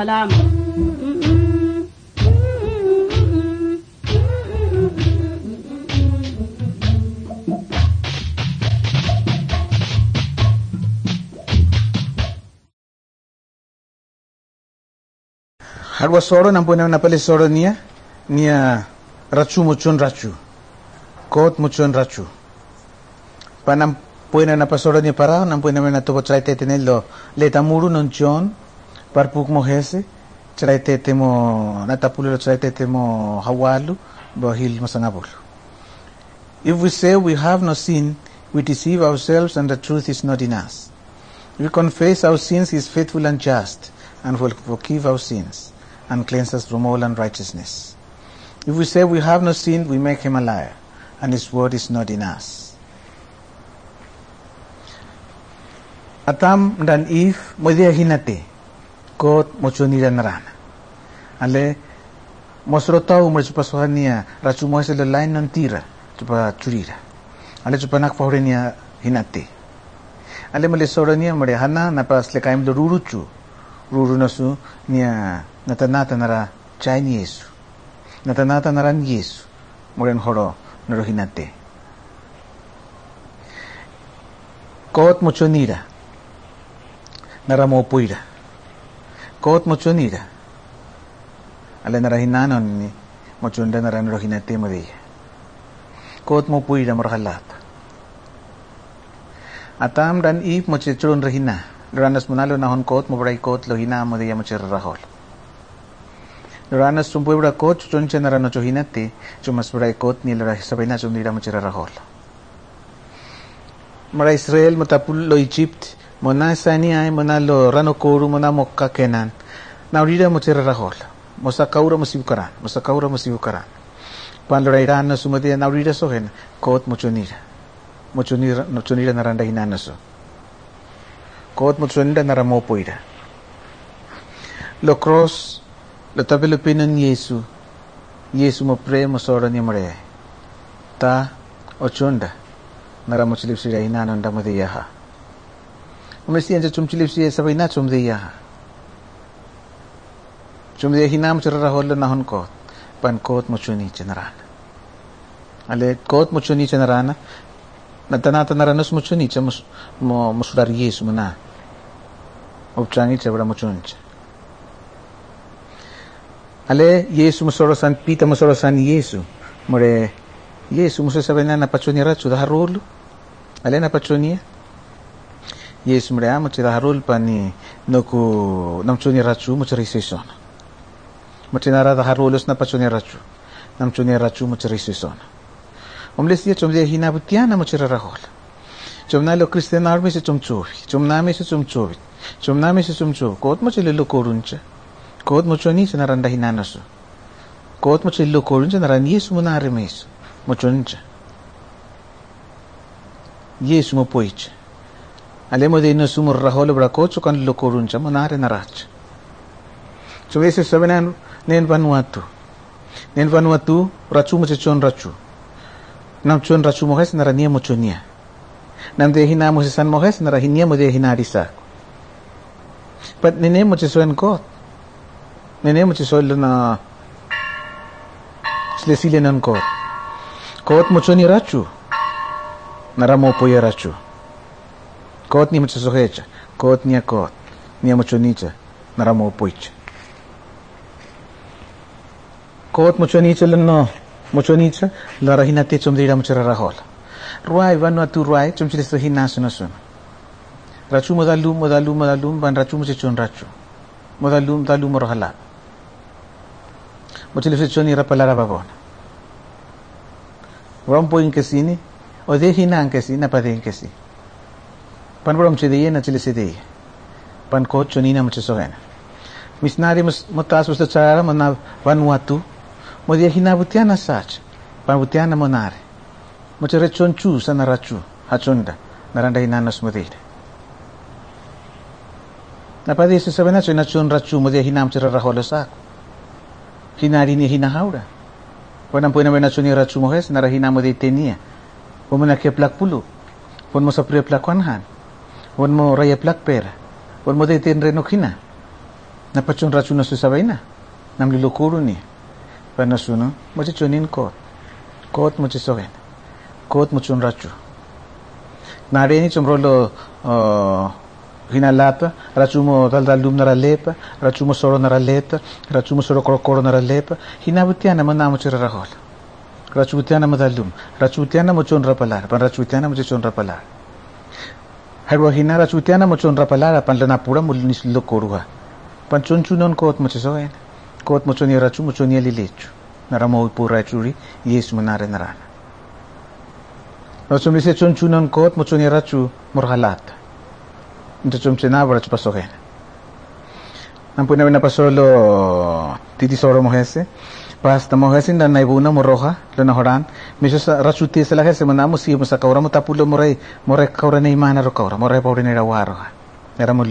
salam. Harwa soro nampu nama nampali soro niya Niya racu mucun racu Kot mucun racu Pa nampu nama nampali soro niya para Nampu nama nampali soro niya para Nampu nama nampali soro niya para Nampu nama nampali soro niya para parpuk mo hese natapulo hawalu bohil if we say we have no sin we deceive ourselves and the truth is not in us if we confess our sins he is faithful and just and will forgive our sins and cleanse us from all unrighteousness if we say we have no sin we make him a liar and his word is not in us Adam and Eve modia hinate kot dan narana ale tau mo chupa sohania racu ese le lain tira chupa churira ale chupa nak fahrenia hinate ale male sorania mre hana na pas le kaim do ruruchu ruru nasu nia natanata nara chaini yesu natanata naran yesu moren horo noro hinate kot mochonira naramopuira kowot mochonira ala narahinanonni mochonda naranorahinate modilla kowot mopuira morhalapa atam dan i mochechurun mo Loranas na hon kot mobrai kot lohina modilla ya mochera rahol Loranas sumpuebra kot chunche naranochohinate chumas brai kot ni lora sabina chundira mochera rahol Mara Israel motapul lo Egypt mona sani ai mona lo rano koru mona mokka kenan na urida mochira rahol kaura mo mosakaura mosibukaran kaura mo sibukara pan lo sumate na sumati na urida sogen kot mo mo chunira chunira no chunira na randa naranda so kot mo chunira na ramo poira lo cross lo tabelo pinan yesu yesu mo premo sora ni mare ta ochunda naramochilipsira hinananda modiyaha mesti Messi chumchilipsi sabaina chumdiya. Chumdiya hinam chirra holla hon kot. Pan kot muchuni chenarana. Ale kot muchuni chenarana. Natanata naranus muchuni cha musudar yes mana. Upchangi cha vada muchuni cha. Ale yesu musorosan pita musorosan yesu. More yesu musosabaina na pachunira chudaharulu. Ale na pachunia. Yesmrea mochiraharul pani noku namchunirachu mochirisiisona. Mochinaradaharulos napachunirachu. Namchunirachu mochirisiisona. Omles dia chomdia rahol. mochirarahol. Chomnalo Christian army se chomchuvi. Chomname se chomchuvi. Chomname se chomchuvi. Kot mochililo koruncha. Kot mochoni se naranda hinanasu. Kot mochililo koruncha naraniyesu munarimesu. Mochonincha. Yesu mopoicha. Alemodino sumur rahol brakocho kan lokoruncha manare narach. So vese sabenan nen vanuatu. Nen vanuatu rachu mo chon rachu. Nam chon rachu mojes narania mochonia. Nam de hina mo san mojes narahinia mo de hinarisa. But nene mo chesoen kot. Nene mo chesoel na slesilen kot. Kot mochoni rachu. Naramo poye rachu. Kot nie mucho sojecha, kot nie kot, nie mucho nicha, naramo poich. Kot mucho nicha leno, mucho nicha, la rahina te chomdira mucho rarahol. Ruai vanu atu ruai, chomchile sto hina suna suna. Rachu modalum, modalum, modalum, van rachu mucho chon rachu. Modalum, dalum, rohala. Mucho le se choni rapalara babona. Rompo in kesini, o de hina en kesini, napadin kesini. panuramchidiyena chilisidiy panko chonina muchisogen misnari motas mustachara mona vanuatu modiahinabutiana sach panbutiana monare mocherechonchu sanarachu hachonda narandahinanos modire napadisi sabenacho inachonrachu modiahinamcherarajolesaco hinarini hinajaura wanampuinabenachonirachu mojes narahinamodeitenia womonakieplakpulu ponmosaprieplakuanhan Huwag mo raya plakper. Huwag mo reno kina na Napatsun ratsun na susabay na. Namlilukuro ni. Panasuno, mo si chunin kot. Kot mo si sogen. Kot mo chun na Narini chum rolo mo dal dal hinalapa, rachumo daldalum naralepa, mo soro lepa naraleta, mo soro lepa korokoro naralepa, hinabutiana manamo chirarahol. Rachutiana madalum, rachutiana mo chun rapalar, pan rachutiana mo chun rapalar. Hai Haruaginara chutiana mochon rapalara pan lanapura mulinislo korua. Panchon chunon koot mochesoen. Koot mochon yarachu mochon yalilichu. Naramo upura churi yes munare narana. Nochum lise chon chunon koot mochon yarachu morhalata. Nochum chenabra chupasoen. Nampuna na pasolo titisoro mohese. pas tamo gasin naibuna moroja pues, lo horan miso sa rasuti sa lakas mo si sa kaura mo tapulo mo rey mo rey kaura na imana ro kaura era mo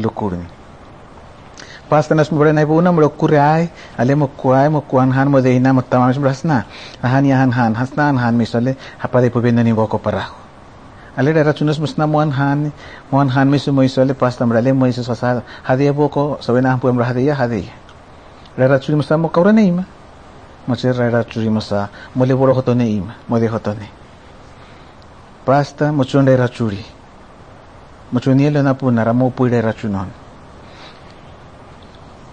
pas naibuna mo ay ale mo kuay mo kuan han mo deina mo rasna han ya han han hasna han miso le de po benda ni boko parajo ale era chunos musna pues, moan han moan han miso mo iso le pas tamrale mo iso sa hadia boko hadia mocerrera churimasa mole boro hotone im mode hotone prasta mochonde rachuri mochonielo na punara mo puire rachunon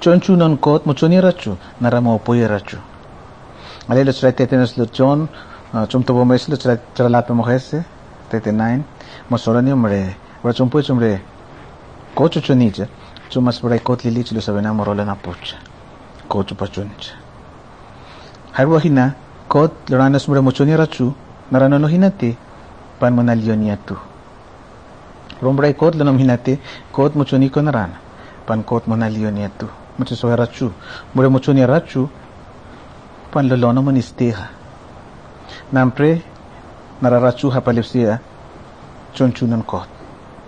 chonchunon kot mochoni rachu nara mo puire rachu ale lo chraite tenes lo chon chum tobo mes lo chralato mojese tete nine mosorani umre rachum pues umre kocho chonicha chumas brai kot lilich lo sabena morola na pucha kocho pachuncha Harwa hina, kot loranos muramochoni racu, naranono hinate, pan monalioniatu. Rombrai kot lonom hinate, kot mochoni konarana, pan kot monalioniatu. mura rachu, muramochoni racu pan lolono monisteja. Nampre, nararachu hapalepsia, chonchunon kot,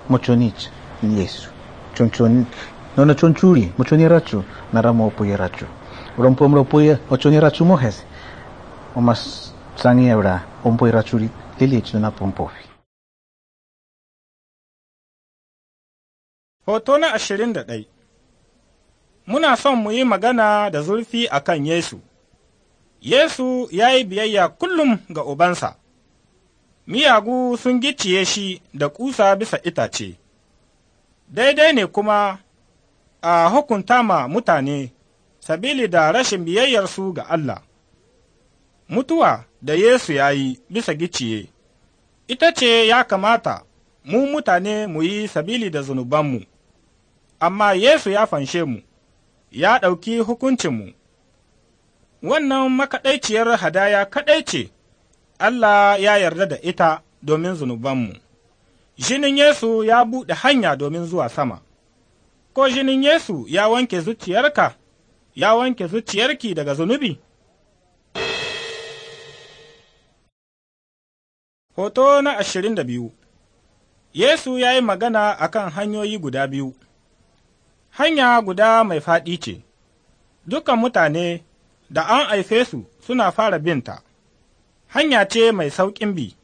mochonich, yesu. Chonchon, nono chonchuri, mochoni rachu, naramopo racu. rompompoi ochoni rachumo hese omas sangi ebra ompoi rachu lili na pompofi Hoto na ashirin da ɗai Muna son mu yi magana da zurfi a kan Yesu. Yesu ya yi biyayya kullum ga Ubansa, miyagu sun gicciye shi da ƙusa bisa itace, daidai ne kuma a hukunta ma mutane sabili da rashin biyayyarsu ga Allah. Mutuwa da Yesu ya yi bisa giciye, ita ce ya kamata mu mutane mu yi sabili da zunubanmu, amma Yesu ya fanshe mu, ya ɗauki hukuncinmu. Wannan makaɗaiciyar hadaya kaɗai ce, Allah ya yarda da ita domin zunubanmu. Jinin Yesu ya buɗe hanya domin zuwa sama, ko jinin Yesu ya wanke zuciyarka? ya wanke zuciyarki daga zunubi? Hoto na ashirin da biyu Yesu ya yi magana a kan hanyoyi guda biyu, hanya guda mai faɗi ce, dukan mutane da an haife su suna fara binta, hanya ce mai sauƙin bi,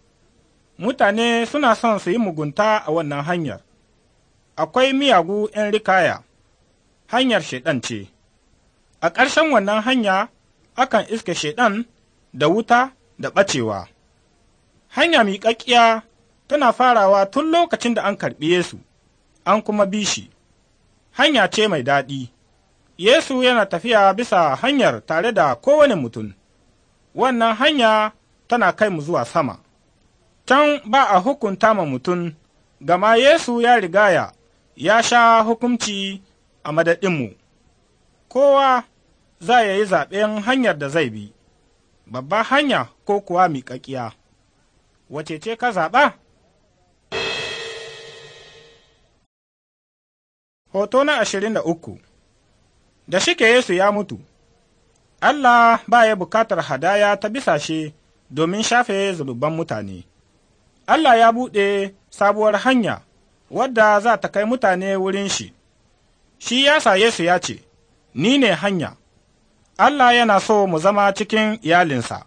mutane suna son su yi mugunta a wannan hanyar, akwai miyagu ’yan rikaya, hanyar shaiɗan ce. a ƙarshen wannan hanya akan iske Shaiɗan da wuta da ɓacewa. Hanya miƙaƙƙiya tana farawa tun lokacin da an karɓi Yesu, an kuma bi shi, hanya ce mai daɗi. Yesu yana tafiya bisa hanyar tare da kowane mutum, wannan hanya tana kai mu zuwa sama. Can ba a hukunta ma mutum, gama Yesu ya rigaya ya sha hukunci a madadinmu. Kowa za ya yi zaɓen hanyar da zai bi, babba hanya ko kuwa miƙaƙiya. Wace ce ka zaɓa? Hoto na ashirin da uku Da shike Yesu ya mutu, Allah ba ya bukatar hadaya ta bisa shi domin shafe zunuban mutane. Allah ya buɗe sabuwar hanya wadda za ta kai mutane wurin shi. Shi ya sa Yesu ya ce, Ni ne hanya. Allah yana so mu zama cikin iyalinsa,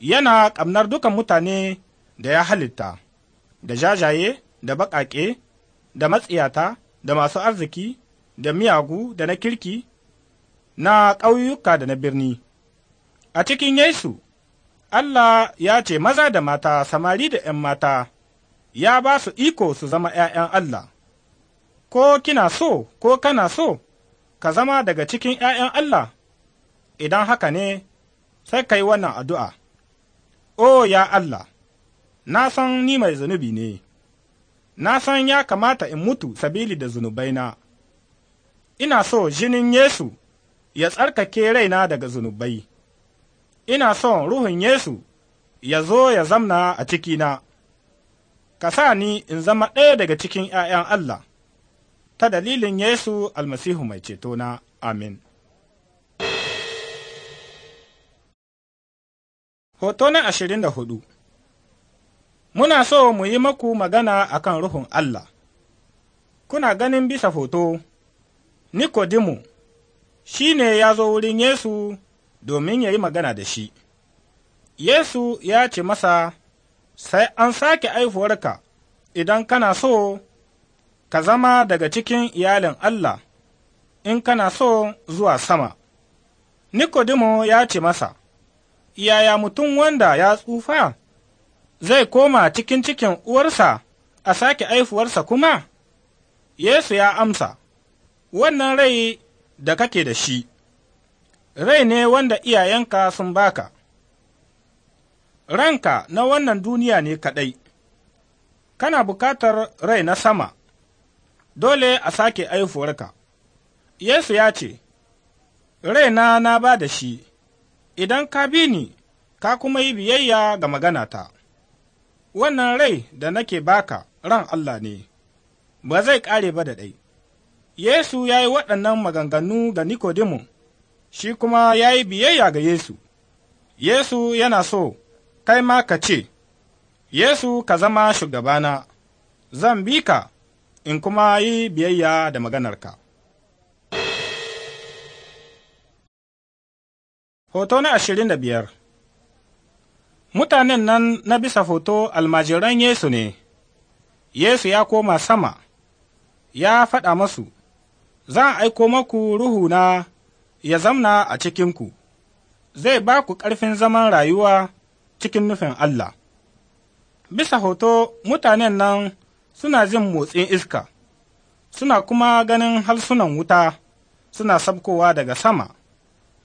yana ƙamnar dukan mutane da ya halitta, da jajaye, da baƙaƙe, da matsiyata, da masu arziki, da miyagu, da na kirki, na ƙauyuka da na birni. A cikin Yesu, Allah ya ce maza da mata, samari da ’yan mata, ya ba su iko su zama ’ya'yan Allah. Ko kina so, ko kana so, ka zama daga cikin ’ya'yan Allah. idan haka ne, sai ka yi wannan addu'a, O ya Allah, na san ni mai zunubi ne, na san ya kamata in mutu sabili da zunubaina, ina so jinin Yesu ya tsarkake raina daga zunubai, ina so Ruhun Yesu ya zo ya zamna a cikina, ka sa ni in zama ɗaya daga cikin ’ya'yan Allah, ta dalilin Yesu almasihu mai cetona, amin. Hoto na ashirin da hudu Muna so mu yi maku magana a kan Ruhun Allah. Kuna ganin bisa hoto, Nikodimu shi ne ya zo wurin Yesu domin ya yi magana da shi. Yesu ya ce masa, Sai an sake aihuwarka idan kana so ka zama daga cikin iyalin Allah, in kana so zuwa sama. Nikodimu ya ce masa, yaya mutum wanda ya tsufa zai koma cikin cikin uwarsa a sake aifuwarsa kuma? Yesu ya amsa, Wannan rai da kake da shi, rai ne wanda iyayenka sun baka, ranka na wannan duniya ne kaɗai, kana bukatar rai na sama, dole a sake aifuwarka. Yesu ya ce, Raina na ba da shi. idan ka bi ni, ka kuma yi biyayya ga maganata. Wannan rai da nake baka ran Allah ne, ba zai ƙare ba da ɗai. Yesu ya yi waɗannan maganganu ga Nikodimu. shi kuma ya yi biyayya ga Yesu. Yesu yana so, kai ma ka ce, Yesu ka zama shugabana, zan bi ka in kuma yi biyayya da maganarka. Hoto na ashirin da biyar Mutanen nan na bisa hoto almajiran Yesu ne, Yesu ya koma sama, ya faɗa masu, za a aiko maku ruhuna ya zamna a cikinku, zai ba ku ƙarfin zaman rayuwa cikin nufin Allah. Bisa hoto mutanen nan suna jin motsin iska, suna kuma ganin halsunan wuta suna sabkowa daga sama,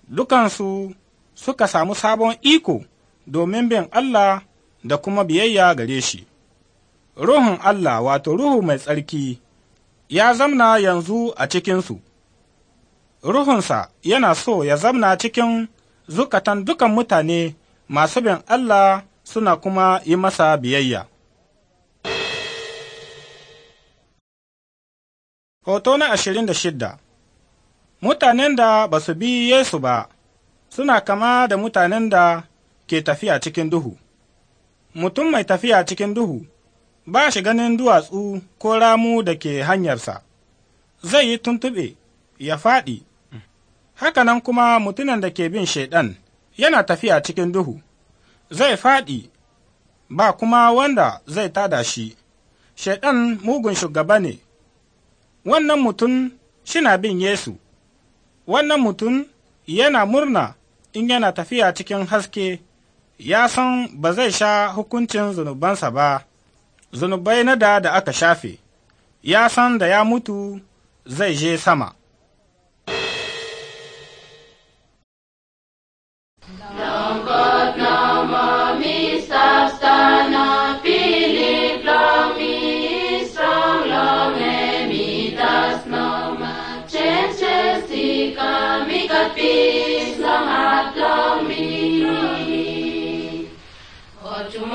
dukansu suka samu sabon iko domin bin Allah da kuma biyayya gare shi. Ruhun Allah wato Ruhu mai tsarki ya zamna yanzu a cikinsu, Ruhunsa yana so ya zamna cikin zukatan dukan mutane masu bin Allah suna kuma yi masa biyayya. Hoto na ashirin da shidda Mutanen da ba su bi Yesu ba suna kama da mutanen da ke tafiya cikin duhu. Mutum mai tafiya cikin duhu ba shi ganin duwatsu ko ramu da ke hanyarsa, zai yi tuntuɓe ya faɗi, hakanan kuma mutumin da ke bin Shaiɗan yana tafiya cikin duhu, zai faɗi ba kuma wanda zai tada shi, Shaiɗan mugun shugaba ne, wannan mutum shina bin Yesu, wannan mutum yana murna in yana tafiya cikin haske, ya san ba zai sha hukuncin zunubansa ba, zunubai na da da aka shafe, ya san da ya mutu zai je sama.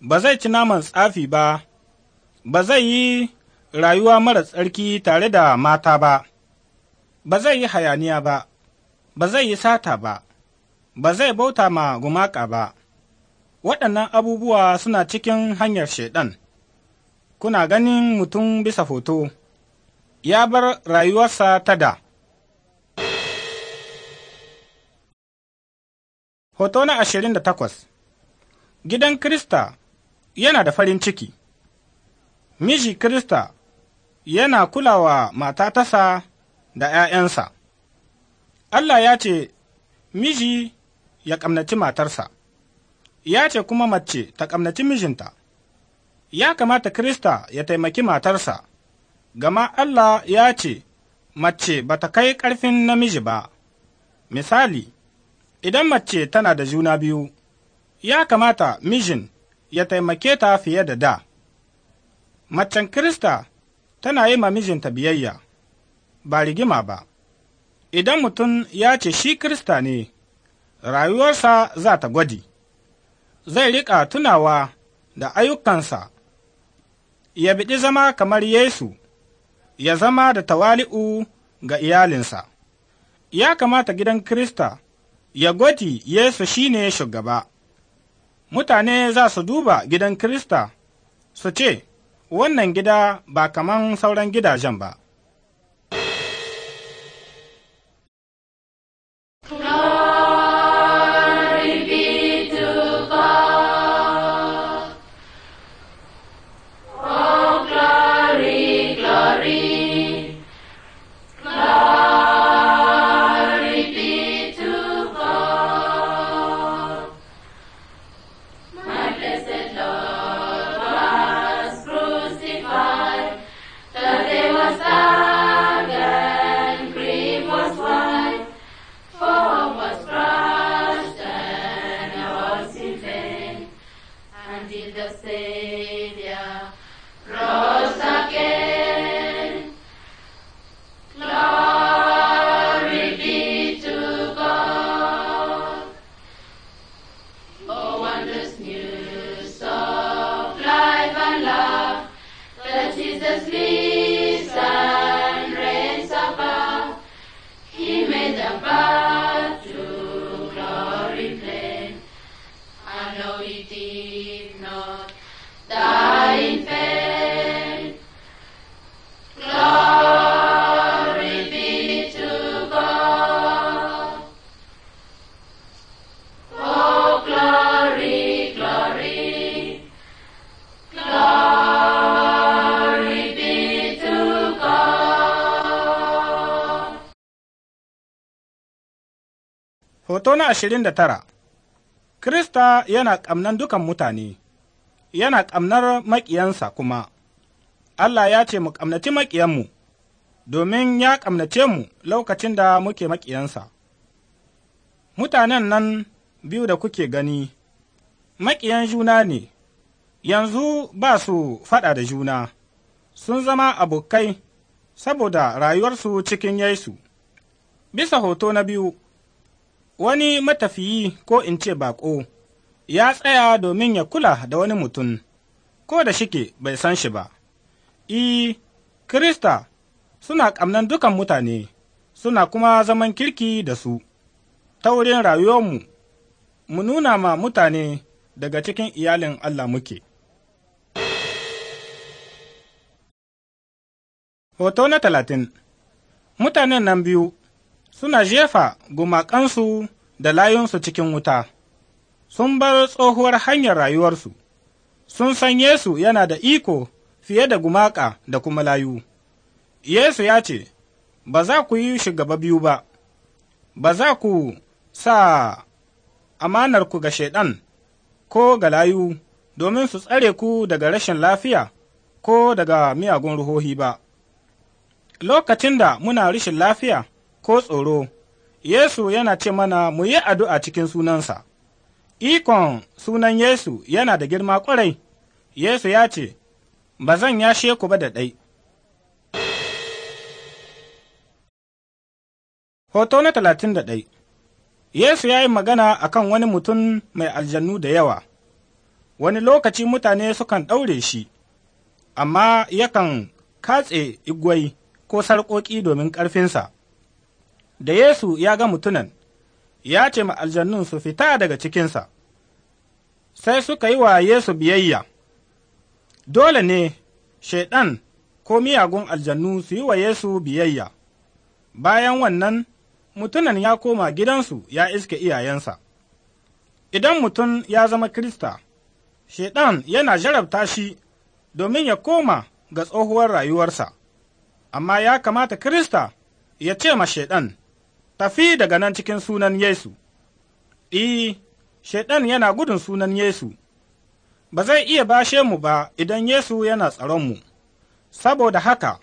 ba zai ci naman tsafi ba, ba zai yi rayuwa mara tsarki tare da mata ba, ba zai yi hayaniya ba, ba zai yi sata ba, ba zai bauta ma gumaka ba. Waɗannan abubuwa suna cikin hanyar Shaiɗan. Kuna ganin mutum bisa hoto, ya bar rayuwarsa ta da. Hoto na ashirin da takwas Gidan Krista yana da farin ciki. Miji Kirista yana kulawa mata tasa da ’ya'yansa. Allah ya ce, Miji ya ƙamnaci matarsa, ya ce kuma mace ta ƙamnaci mijinta. Ya kamata Kirista ya taimaki matarsa, gama Allah ya ce, Mace ba ta kai ƙarfin namiji ba. Misali, idan mace tana da juna biyu, ya kamata mijin ya taimake ta fiye da da. Macen Kirista tana yi ma mijinta biyayya, ba rigima ba. Idan mutum ya ce shi Kirista ne, rayuwarsa za ta gwadi, zai riƙa tunawa da ayyukansa, ya biɗi zama kamar Yesu, ya zama da tawali'u ga iyalinsa. Ya kamata gidan Kirista ya gwadi Yesu shi ne shugaba. mutane za su duba gidan Kirista su ce, Wannan gida ba kaman sauran gidajen ba. Hoto na ashirin da tara Krista yana ƙamnan dukan mutane, yana ƙamnar maƙiyansa kuma, Allah ya ce mu ƙamnaci maƙiyanmu, domin ya ƙamnace mu lokacin da muke maƙiyansa. Mutanen nan biyu da kuke gani, maƙiyan juna ne, yanzu ba su faɗa da juna, sun zama abokai saboda rayuwarsu cikin yaisu, Bisa hoto na biyu. wani matafiyi ko in ce baƙo ya tsaya domin ya kula da wani mutum, ko da shike bai san shi ba. I, Kirista suna ƙamnan dukan mutane, suna kuma zaman kirki da su, ta wurin rayuwarmu, mu nuna ma mutane daga cikin iyalin Allah muke. Hoto na talatin Mutanen nan biyu suna jefa gumakansu da layunsu cikin wuta, sun bar tsohuwar hanyar rayuwarsu, sun san Yesu yana da iko fiye da gumaka da kuma layu. Yesu ya ce, Ba za ku yi shugaba biyu ba, ba za ku sa amanarku ga Shaiɗan ko ga layu domin su tsare ku daga rashin lafiya ko daga miyagun ruhohi ba. Lokacin da muna rashin lafiya, ko tsoro, Yesu yana ce mana mu yi addu'a cikin sunansa. Ikon sunan Yesu yana da girma ƙwarai, Yesu ya ce, Ba zan yashe ku ba da ɗai. Hoto na talatin da ɗai Yesu ya yi magana a kan wani mutum mai aljannu da yawa, wani lokaci mutane sukan ɗaure shi, amma yakan katse igwai ko sarƙoƙi domin ƙarfinsa. da Yesu ya ga mutunan, ya ce ma aljannun su fita daga cikinsa, sai suka yi wa Yesu biyayya. Dole ne Shaiɗan ko miyagun aljannu su yi wa Yesu biyayya, bayan wannan mutunan ya koma gidansu ya iske iyayensa. Idan mutum ya zama Kirista, Shaiɗan yana jarabta shi domin ya koma ga tsohuwar rayuwarsa, amma ya kamata Kirista ya ce ma Shaiɗan, tafi daga nan cikin sunan Yesu, I, e, Shaiɗan yana gudun sunan Yesu, ba zai iya bashe mu ba idan Yesu yana tsaron tsaronmu, saboda haka,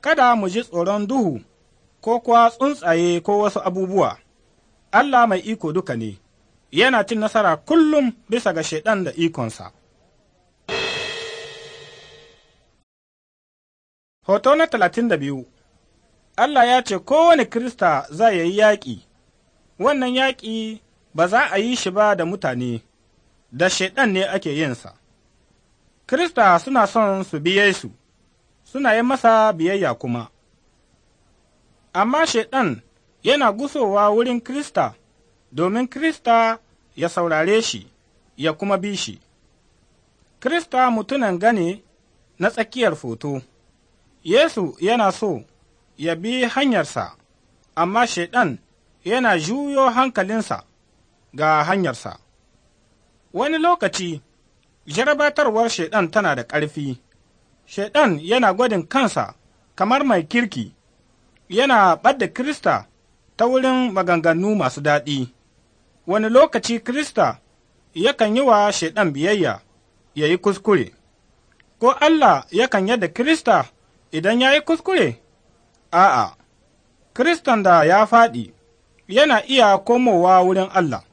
kada mu ji tsoron duhu ko kuwa tsuntsaye ko wasu abubuwa, Allah mai iko duka ne, yana cin nasara kullum bisa ga Shaiɗan da ikonsa. Hoto na talatin da biyu Allah ya ce kowane Kirista za ya yi yaƙi, wannan yaƙi ba za a yi shi ba da mutane, da shaiɗan ne ake yinsa. Kirista suna son su biye su, suna yi masa biyayya kuma. Amma shaiɗan yana gusowa wurin Kirista domin Kirista ya saurare shi, ya kuma bi shi. Kirista mutunan gane na tsakiyar foto, Yesu yana so ya bi hanyarsa, amma Shaiɗan yana juyo hankalinsa ga hanyarsa. Wani lokaci, jarabatarwar Shaiɗan tana da ƙarfi, Shaiɗan yana gwadin kansa kamar mai kirki, yana ɓadda Kirista ta wurin maganganu masu daɗi. Wani lokaci Kirista yakan yi wa Shaiɗan biyayya, ya yi kuskure, ko Allah yakan yadda Kirista idan ya yi kuskure? A'a, Kiristan da ya faɗi yana iya komowa wurin Allah.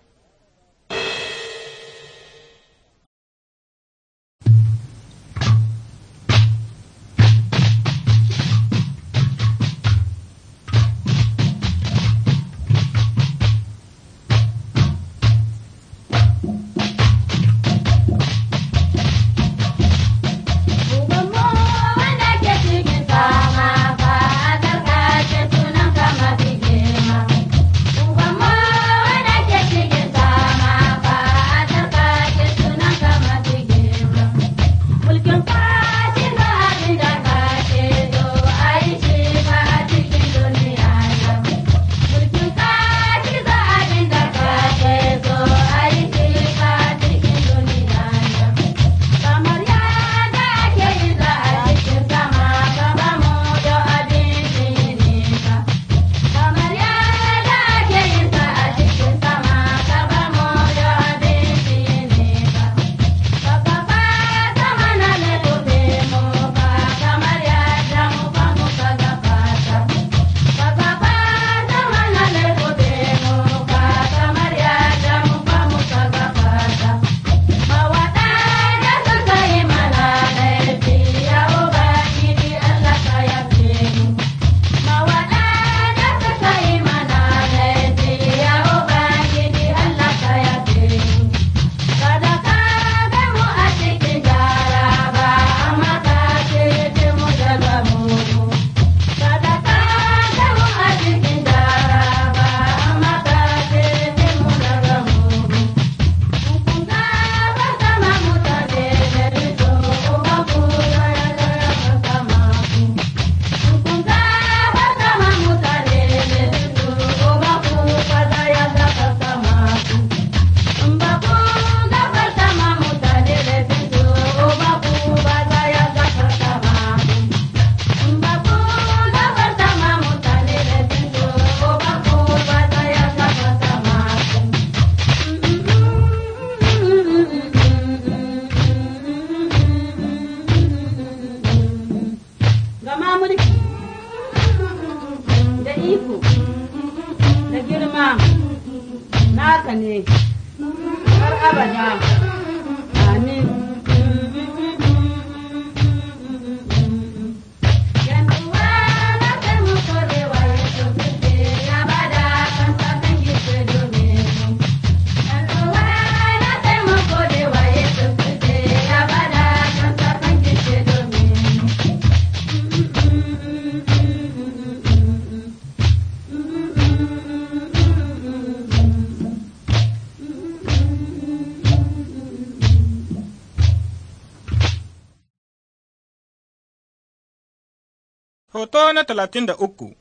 talatin da uku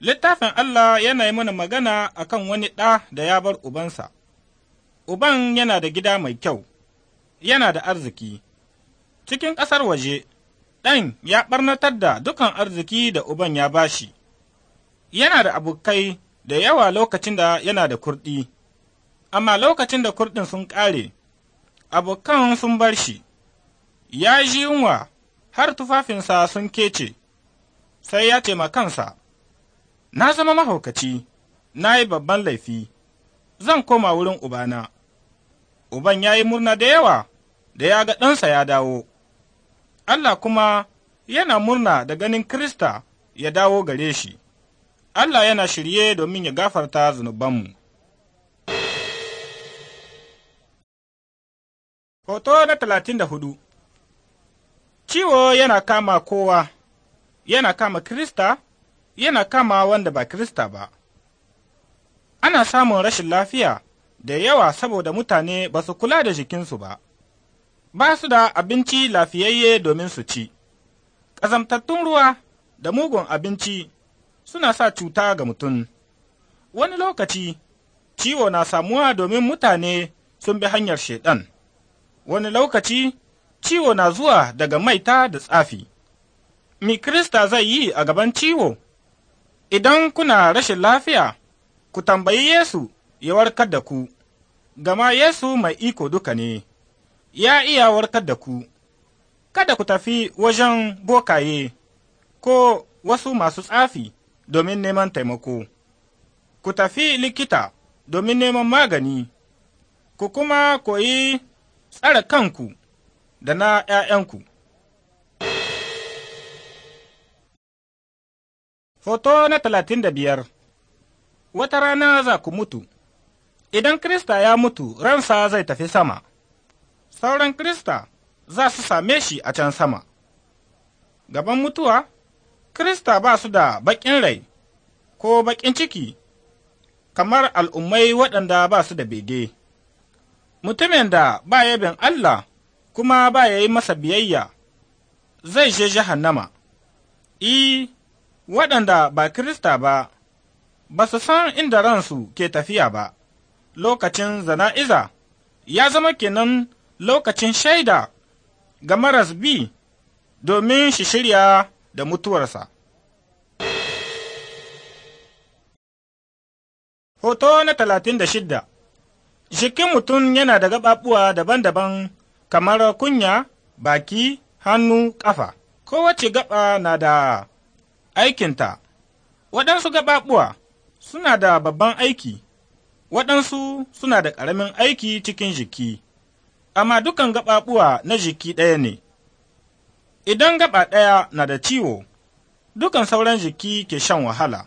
Littafin Allah yana yi mana magana a kan wani ɗa da ya bar ubansa. Uban yana da gida mai kyau, yana da arziki. Cikin ƙasar waje, ɗan ya ɓarnatar da dukan arziki da uban ya bashi. Yana da abokai da yawa lokacin da yana da kurɗi, amma lokacin da kurɗin sun ƙare, abokan sun bar shi. Ya ji yunwa har tufafinsa sun kece. sai ya ce ma kansa, Na zama mahaukaci, na yi babban laifi, zan koma wurin Ubana. Uban ya yi murna da yawa da ya ga ɗansa ya dawo, Allah kuma yana murna da ganin Kirista ya dawo gare shi, Allah yana shirye domin ya gafarta zunubanmu. Hoto na talatin da hudu Ciwo yana kama kowa. yana kama Kirista, yana kama wanda ba Kirista ba. Ana samun rashin lafiya da yawa saboda mutane ba su kula da jikinsu ba, ba su da abinci lafiyayye domin su ci. Ƙazamtattun ruwa da mugun abinci suna sa cuta ga mutum. Wani lokaci, ciwo na samuwa domin mutane sun bi hanyar Shaiɗan, wani lokaci ciwo na zuwa daga maita da tsafi. mi Krista zai yi a gaban ciwo? Idan kuna rashin lafiya, ku tambayi Yesu ya warkar da ku, gama Yesu mai iko duka ne, ya iya warkar da ku. Kada ku tafi wajen bokaye ko wasu masu tsafi domin neman taimako, ku tafi likita domin neman magani, ku kuma koyi tsare kanku da na ’ya'yanku. Hoto na talatin da biyar Wata rana za ku mutu, idan Krista ya mutu ransa zai tafi sama, sauran Krista za su same shi a can sama. Gaban mutuwa, Krista ba su da baƙin rai ko baƙin ciki, kamar al'ummai waɗanda ba su da bege. Mutumin da ba ya bin Allah kuma ba ya yi masa biyayya, zai je jahannama. I, waɗanda ba Kirista ba, ba su san inda ransu ke tafiya ba, lokacin zana'iza ya zama kenan lokacin shaida ga maras bi domin shi shirya da mutuwarsa. Hoto na talatin da shidda Jikin mutum yana da gaɓaɓuwa daban-daban kamar kunya, baki, hannu, ƙafa. Kowace gaɓa na da aikinta, waɗansu gaɓaɓuwa suna da babban aiki, waɗansu suna da ƙaramin aiki cikin jiki, amma dukan gaɓaɓuwa na jiki ɗaya ne. Idan gaɓa ɗaya na da ciwo, dukan sauran jiki ke shan wahala.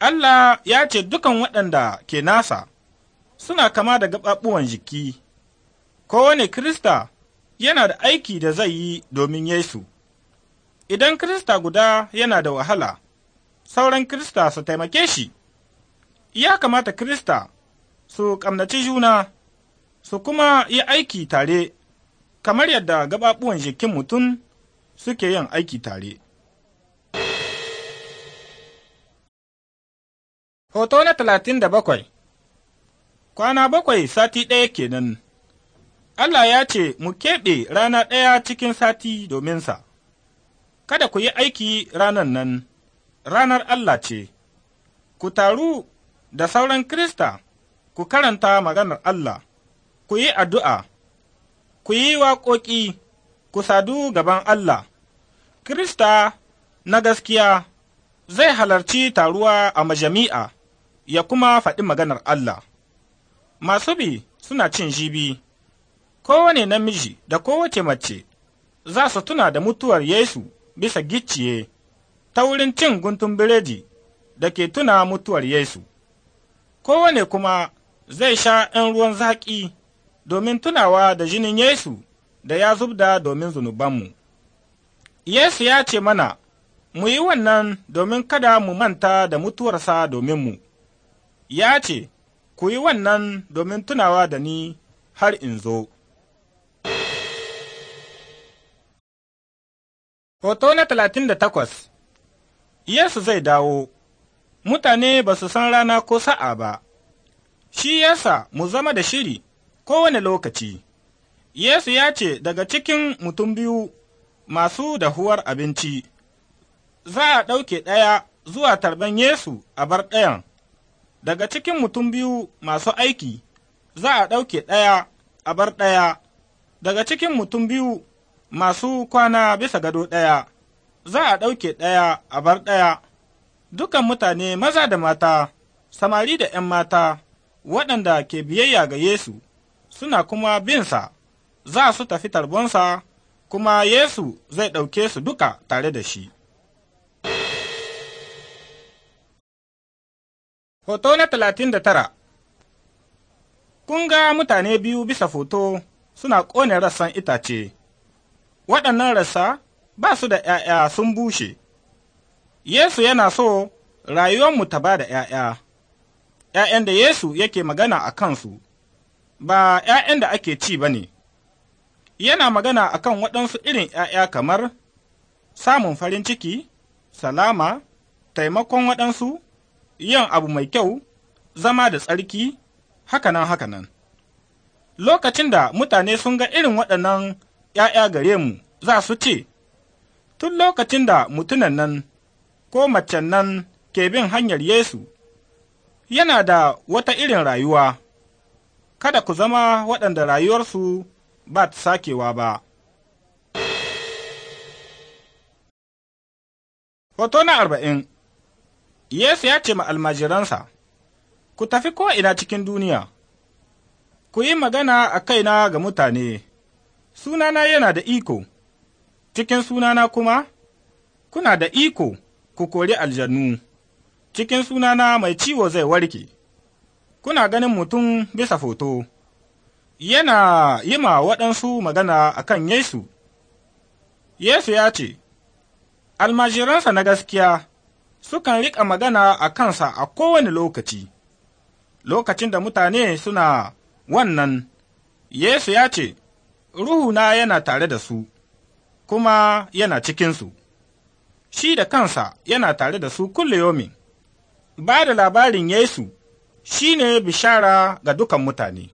Allah ya ce dukan waɗanda ke nasa suna kama da gaɓaɓuwan jiki, kowane Kirista yana da aiki da zai yi domin Yesu. Idan Kirista guda yana da wahala, sauran Kirista su taimake shi, ya kamata Kirista su ƙamnaci juna, su kuma yi aiki tare, kamar yadda gaɓaɓuwan jikin mutum suke yin aiki tare. Hoto na talatin da bakwai Kwana bakwai sati ɗaya kenan, Allah ya ce mu keɓe rana ɗaya cikin sati domin sa. kada ku yi aiki ranar nan, ranar Allah ce, ku taru da sauran Krista, ku karanta maganar Allah, ku yi addu'a, ku yi waƙoƙi, ku sadu gaban Allah. Krista na gaskiya zai halarci taruwa a majami'a ya kuma faɗi maganar Allah. Masu bi suna cin jibi, kowane namiji da kowace mace za su tuna da mutuwar Yesu. bisa gicciye ta wurin cin guntun biredi da ke tuna mutuwar Yesu. Kowane kuma zai sha ‘yan ruwan zaƙi domin tunawa da jinin Yesu da ya zubda domin zunubanmu. Yesu ya ce mana, mu yi wannan domin kada mu manta da mutuwarsa domin mu Ya ce, ku yi wannan domin tunawa da ni har in zo. Hoto na talatin da takwas Yesu zai dawo, mutane ba su san rana ko sa'a ba, shi yasa mu zama da shiri kowane lokaci. Yesu ya ce daga cikin mutum biyu masu dahuwar abinci, za a ɗauke ɗaya zuwa tarban Yesu a bar ɗayan, daga cikin mutum biyu masu aiki, za a ɗauke ɗaya a bar ɗaya, daga cikin mutum biyu masu kwana bisa gado ɗaya, za a ɗauke ɗaya a bar ɗaya, dukan mutane maza da mata, samari da ’yan mata, waɗanda ke biyayya ga Yesu, suna kuma binsa, za su tafi tarbonsa, kuma Yesu zai ɗauke su duka tare da shi. Hoto na talatin da tara Kun ga mutane biyu bisa foto suna ƙone rassan itace. waɗannan rasa ba su da ’ya'ya sun bushe. Yesu yana so mu ta ba da ’ya'ya, ’ya'yan da Yesu yake magana a kansu, ba ’ya'yan da ake ci ba ne. Yana magana a kan waɗansu irin ’ya'ya kamar samun farin ciki, salama, taimakon waɗansu, yin abu mai kyau, zama da tsarki, hakanan hakanan. Lokacin da mutane sun ga irin waɗannan ’ya'ya gare mu, za su ce, Tun lokacin da mutunan nan ko macen nan ke bin hanyar Yesu, yana da wata irin rayuwa, kada ku zama waɗanda rayuwarsu ba ta sakewa ba. Hoto na arba'in Yesu ya ce ma almajiransa, Ku tafi ko'ina cikin duniya, ku yi magana a kaina ga mutane, sunana yana da iko, cikin sunana kuma, kuna da iko ku kori aljannu, cikin sunana mai ciwo zai warke, kuna ganin mutum bisa foto, yana yi ma waɗansu magana a kan Yesu. Yesu ya ce, Almajiransa na gaskiya sukan riƙa magana a kansa a kowane lokaci, lokacin da mutane suna wannan, Yesu ya ce, ruhu na yana tare da su, kuma yana cikinsu, shi da kansa yana tare da su kulle yomin Ba da labarin Yesu shi ne bishara ga dukan mutane.